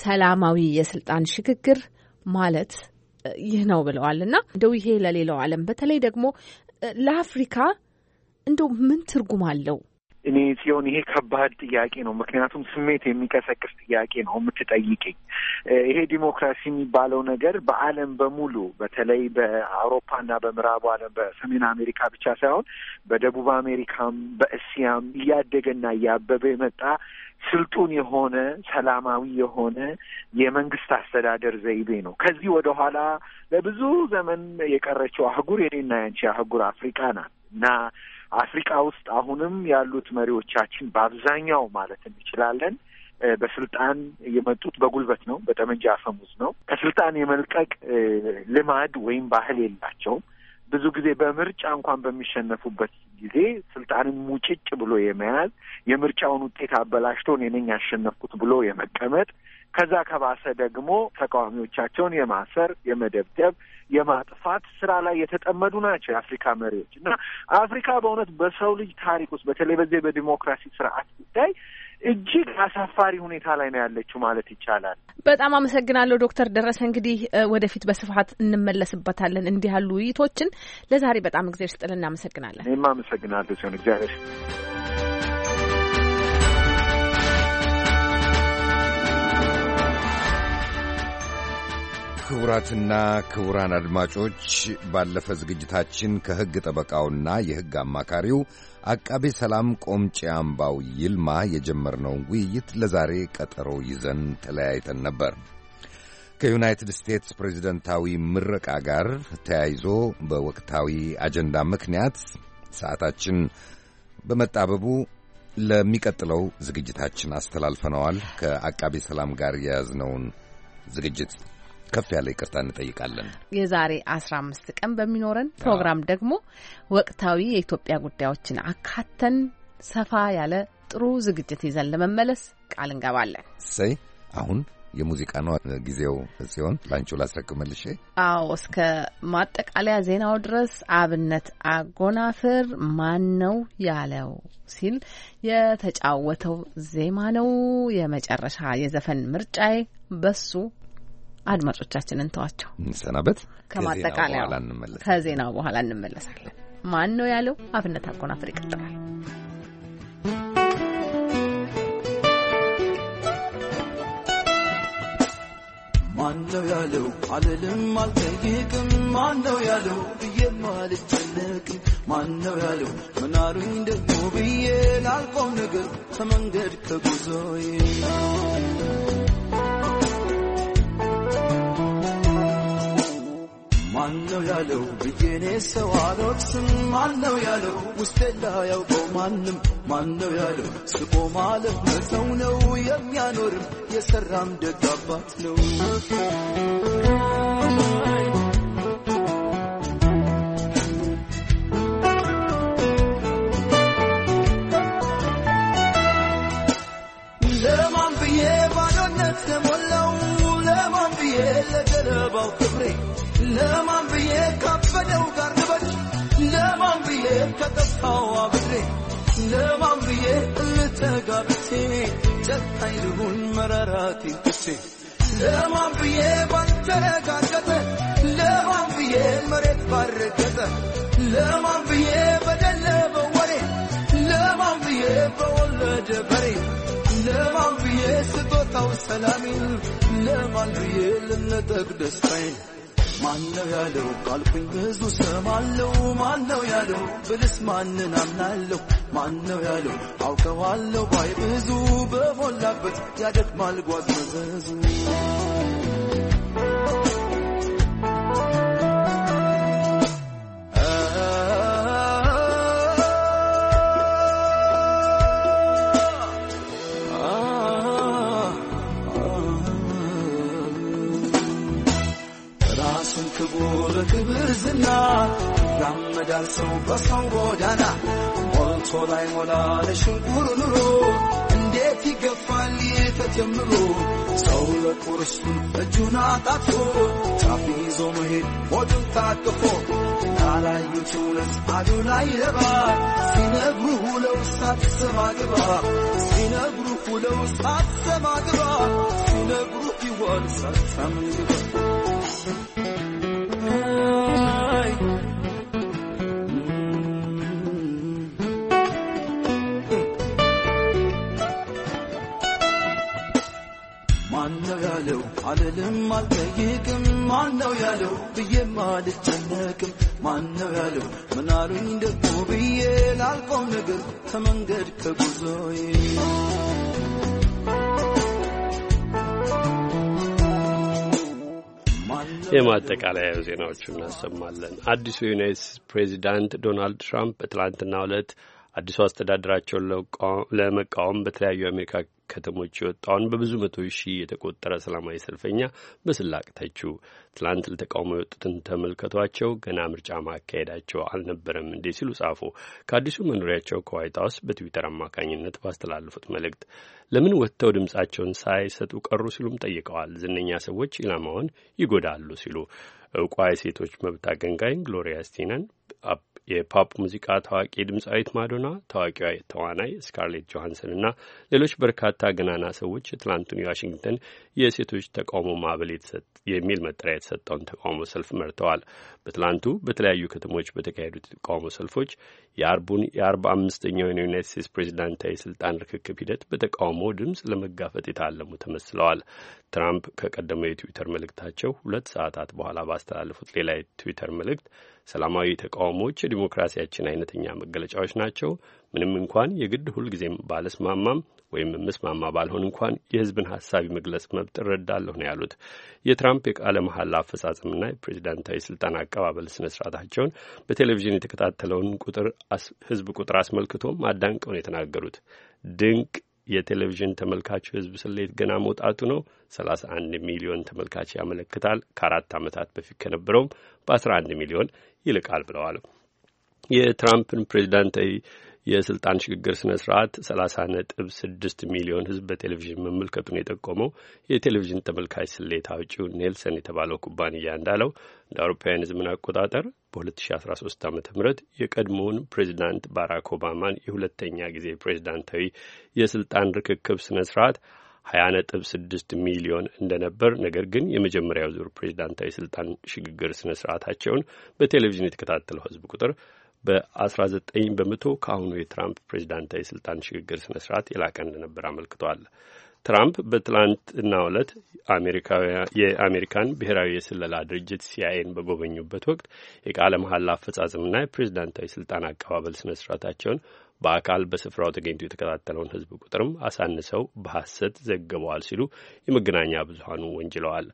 ሰላማዊ የስልጣን ሽግግር ማለት ይህ ነው ብለዋል እና እንደው ይሄ ለሌላው ዓለም በተለይ ደግሞ ለአፍሪካ እንደው ምን ትርጉም አለው እኔ ጽዮን፣ ይሄ ከባድ ጥያቄ ነው። ምክንያቱም ስሜት የሚቀሰቅስ ጥያቄ ነው የምትጠይቅኝ። ይሄ ዲሞክራሲ የሚባለው ነገር በዓለም በሙሉ በተለይ በአውሮፓና በምዕራቡ ዓለም በሰሜን አሜሪካ ብቻ ሳይሆን በደቡብ አሜሪካም በእስያም እያደገና እያበበ የመጣ ስልጡን የሆነ ሰላማዊ የሆነ የመንግስት አስተዳደር ዘይቤ ነው። ከዚህ ወደ ኋላ ለብዙ ዘመን የቀረችው አህጉር የኔና ያንቺ አህጉር አፍሪቃ ናት እና አፍሪካ ውስጥ አሁንም ያሉት መሪዎቻችን በአብዛኛው ማለት እንችላለን በስልጣን የመጡት በጉልበት ነው፣ በጠመንጃ አፈሙዝ ነው። ከስልጣን የመልቀቅ ልማድ ወይም ባህል የላቸውም። ብዙ ጊዜ በምርጫ እንኳን በሚሸነፉበት ጊዜ ስልጣንን ሙጭጭ ብሎ የመያዝ የምርጫውን ውጤት አበላሽቶ እኔ ነኝ ያሸነፍኩት ብሎ የመቀመጥ ከዛ ከባሰ ደግሞ ተቃዋሚዎቻቸውን የማሰር የመደብደብ የማጥፋት ስራ ላይ የተጠመዱ ናቸው የአፍሪካ መሪዎች እና አፍሪካ በእውነት በሰው ልጅ ታሪክ ውስጥ በተለይ በዚህ በዲሞክራሲ ስርዓት ጉዳይ እጅግ አሳፋሪ ሁኔታ ላይ ነው ያለችው ማለት ይቻላል። በጣም አመሰግናለሁ ዶክተር ደረሰ እንግዲህ ወደፊት በስፋት እንመለስበታለን እንዲህ ያሉ ውይይቶችን። ለዛሬ በጣም እግዜር ስጥል እናመሰግናለን። እኔም አመሰግናለሁ ሲሆን እግዚአብሔር ክቡራትና ክቡራን አድማጮች ባለፈ ዝግጅታችን ከሕግ ጠበቃውና የሕግ አማካሪው አቃቤ ሰላም ቆምጬ አምባው ይልማ የጀመርነውን ውይይት ለዛሬ ቀጠሮ ይዘን ተለያይተን ነበር። ከዩናይትድ ስቴትስ ፕሬዚደንታዊ ምረቃ ጋር ተያይዞ በወቅታዊ አጀንዳ ምክንያት ሰዓታችን በመጣበቡ ለሚቀጥለው ዝግጅታችን አስተላልፈነዋል። ከአቃቤ ሰላም ጋር የያዝነውን ዝግጅት ከፍ ያለ ይቅርታ እንጠይቃለን። የዛሬ አስራ አምስት ቀን በሚኖረን ፕሮግራም ደግሞ ወቅታዊ የኢትዮጵያ ጉዳዮችን አካተን ሰፋ ያለ ጥሩ ዝግጅት ይዘን ለመመለስ ቃል እንገባለን። ሰይ አሁን የሙዚቃ ነው ጊዜው ሲሆን ላንቺው ላስረክብ መልሼ። አዎ እስከ ማጠቃለያ ዜናው ድረስ አብነት አጎናፍር ማን ነው ያለው ሲል የተጫወተው ዜማ ነው የመጨረሻ የዘፈን ምርጫዬ። በሱ አድማጮቻችንን ተዋቸው ሰናበት። ከማጠቃለያ ከዜናው በኋላ እንመለሳለን። ማን ነው ያለው? አብነት አጎናፍር ይቀጥላል። ማን ነው ያለው አልልም አልጠይቅም። ማን ነው ያለው ብዬም አልጨነቅም። ማን ነው ያለው ምናሩኝ ደግሞ ብዬ ላልቆም ነገር ከመንገድ ከጉዞዬ ማነው ያለው ብዬኔ ሰው አልወቅስም። ማነው ያለው ውስጤላ ያውቀው ማንም ማነው ያለው ስቆ ማለፍ መተው ነው የሚያኖርም የሰራም ደግ አባት ነው። ለማን ብዬ ካበደው ጋር ልበች ለማን ብዬ ከጠፋው አብሬ ለማን ብዬ ልተጋ ብቼ ጨካኝ ልሁን መራራቴን ትቼ ለማን ብዬ ባልተረጋገጠ ለማን ብዬ መሬት ባረገጠ ለማን ብዬ በደለ በወሬ ለማን ብዬ በወለደ በሬ ለማን ብዬ ስጦታው ሰላሜን ለማን ብዬ ልነጠቅ ደስታዬን ማነው ያለው ካልኩኝ ብዙ ሰማለው። ማነው ያለው ብልስ ማንን አምናለሁ? ማነው ያለው አውቀዋለሁ ባይ ብዙ በሞላበት ያደክማል ማልጓዝ መዘዙ የማይዳርሰው በሰው ጎዳና ሞልቶ ላይ ሞላ ለሽንቁር ኑሮ እንዴት ይገፋል የተጀምሮ ሰው ለቁርሱ እጁን አጣጥፎ ጫፍ ይዞ መሄድ ሆድን ታቅፎ ያላዩት እውነት ላይ ይለባ ሲነግሩ ለውሳት ሰማግባ ሲነግሩ ለውሳት ሰማግባ ሲነግሩ ይወድ ሰምግባ ማጠቃለያ ዜናዎቹ እናሰማለን። አዲሱ የዩናይትስ ፕሬዚዳንት ዶናልድ ትራምፕ በትላንትና ዕለት አዲሱ አስተዳደራቸውን ለመቃወም በተለያዩ የአሜሪካ ከተሞች የወጣውን በብዙ መቶ ሺህ የተቆጠረ ሰላማዊ ሰልፈኛ በስላቅ ተቹ። ትላንት ለተቃውሞ የወጡትን ተመልከቷቸው፣ ገና ምርጫ ማካሄዳቸው አልነበረም እንዴ ሲሉ ጻፉ። ከአዲሱ መኖሪያቸው ከዋይት ሀውስ በትዊተር አማካኝነት ባስተላለፉት መልእክት ለምን ወጥተው ድምጻቸውን ሳይሰጡ ቀሩ ሲሉም ጠይቀዋል። ዝነኛ ሰዎች ኢላማውን ይጎዳሉ ሲሉ እውቋ የሴቶች መብት አገንጋይ ግሎሪያ ስቲነን፣ የፖፕ ሙዚቃ ታዋቂ ድምፃዊት ማዶና፣ ታዋቂዋ ተዋናይ ስካርሌት ጆሃንሰን እና ሌሎች በርካታ ገናና ሰዎች የትላንቱን የዋሽንግተን የሴቶች ተቃውሞ ማዕበል የሚል መጠሪያ የተሰጠውን ተቃውሞ ሰልፍ መርተዋል። በትላንቱ በተለያዩ ከተሞች በተካሄዱት ተቃውሞ ሰልፎች የአርቡን የአርባ አምስተኛውን የዩናይት ስቴትስ ፕሬዚዳንታዊ የስልጣን ርክክብ ሂደት በተቃውሞ ድምፅ ለመጋፈጥ የታለሙ ተመስለዋል። ትራምፕ ከቀደመው የትዊተር መልእክታቸው ሁለት ሰዓታት በኋላ ባስተላለፉት ሌላ የትዊተር መልእክት ሰላማዊ ተቃውሞዎች የዲሞክራሲያችን አይነተኛ መገለጫዎች ናቸው። ምንም እንኳን የግድ ሁልጊዜም ባለስማማም ወይም ምስማማ ባልሆን እንኳን የህዝብን ሀሳብ የመግለጽ መብት እረዳለሁ ነው ያሉት። የትራምፕ የቃለ መሐላ አፈጻጸምና የፕሬዚዳንታዊ ስልጣን አቀባበል ስነ ስርዓታቸውን በቴሌቪዥን የተከታተለውን ቁጥር ህዝብ ቁጥር አስመልክቶም አዳንቀውን የተናገሩት ድንቅ የቴሌቪዥን ተመልካች ህዝብ ስሌት ገና መውጣቱ ነው። 31 ሚሊዮን ተመልካች ያመለክታል። ከአራት ዓመታት በፊት ከነበረውም በ11 ሚሊዮን ይልቃል ብለዋል። የትራምፕን ፕሬዚዳንታዊ የስልጣን ሽግግር ስነ ስርዓት ሰላሳ ነጥብ ስድስት ሚሊዮን ህዝብ በቴሌቪዥን መመልከቱን የጠቆመው የቴሌቪዥን ተመልካች ስሌት አውጪው ኔልሰን የተባለው ኩባንያ እንዳለው እንደ አውሮፓውያን ህዝብን አቆጣጠር በ2013 ዓ ም የቀድሞውን ፕሬዚዳንት ባራክ ኦባማን የሁለተኛ ጊዜ ፕሬዚዳንታዊ የስልጣን ርክክብ ስነ ስርዓት ሀያ ሚሊዮን እንደነበር ነገር ግን የመጀመሪያው ዙር ፕሬዚዳንታዊ ስልጣን ሽግግር ስነ ስርዓታቸውን በቴሌቪዥን የተከታተለው ህዝብ ቁጥር በ19 በመቶ ከአሁኑ የትራምፕ ፕሬዚዳንታዊ ስልጣን ሽግግር ስነ ስርዓት የላቀ እንደነበር አመልክቷል። ትራምፕ በትላንትናው ዕለት የአሜሪካን ብሔራዊ የስለላ ድርጅት ሲአይኤን በጎበኙበት ወቅት የቃለ መሀል አፈጻጸምና የፕሬዚዳንታዊ ስልጣን አቀባበል ስነ ስርዓታቸውን በአካል በስፍራው ተገኝቶ የተከታተለውን ህዝብ ቁጥርም አሳንሰው በሐሰት ዘግበዋል ሲሉ የመገናኛ ብዙሀኑ ወንጅለዋል።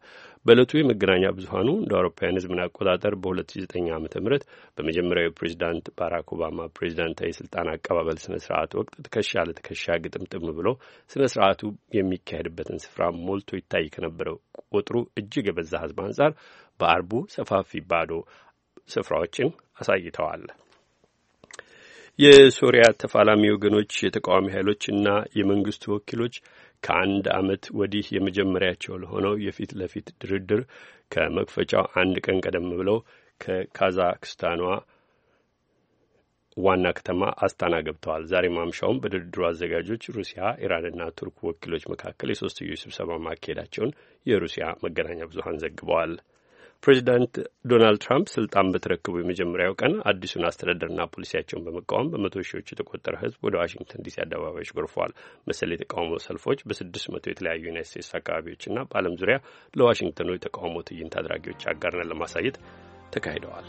በዕለቱ የመገናኛ ብዙሀኑ እንደ አውሮፓውያን ህዝብን አቆጣጠር በ2009 ዓ ም በመጀመሪያዊ ፕሬዚዳንት ባራክ ኦባማ ፕሬዚዳንታዊ ስልጣን አቀባበል ስነ ስርዓት ወቅት ትከሻ ለትከሻ ግጥምጥም ብሎ ስነ ስርዓቱ የሚካሄድበትን ስፍራ ሞልቶ ይታይ ከነበረው ቁጥሩ እጅግ የበዛ ህዝብ አንጻር በአርቡ ሰፋፊ ባዶ ስፍራዎችን አሳይተዋል። የሶሪያ ተፋላሚ ወገኖች የተቃዋሚ ኃይሎችና የመንግስቱ ወኪሎች ከአንድ ዓመት ወዲህ የመጀመሪያቸው ለሆነው የፊት ለፊት ድርድር ከመክፈቻው አንድ ቀን ቀደም ብለው ከካዛክስታኗ ዋና ከተማ አስታና ገብተዋል። ዛሬ ማምሻውም በድርድሩ አዘጋጆች ሩሲያ፣ ኢራንና ቱርክ ወኪሎች መካከል የሶስትዮሽ ስብሰባ ማካሄዳቸውን የሩሲያ መገናኛ ብዙኃን ዘግበዋል። ፕሬዚዳንት ዶናልድ ትራምፕ ስልጣን በተረክቡ የመጀመሪያው ቀን አዲሱን አስተዳደርና ፖሊሲያቸውን በመቃወም በመቶ ሺዎች የተቆጠረ ሕዝብ ወደ ዋሽንግተን ዲሲ አደባባዮች ጎርፏል። መሰል የተቃውሞ ሰልፎች በስድስት መቶ የተለያዩ ዩናይት ስቴትስ አካባቢዎችና በዓለም ዙሪያ ለዋሽንግተኑ የተቃውሞ ትዕይንት አድራጊዎች አጋርነን ለማሳየት ተካሂደዋል።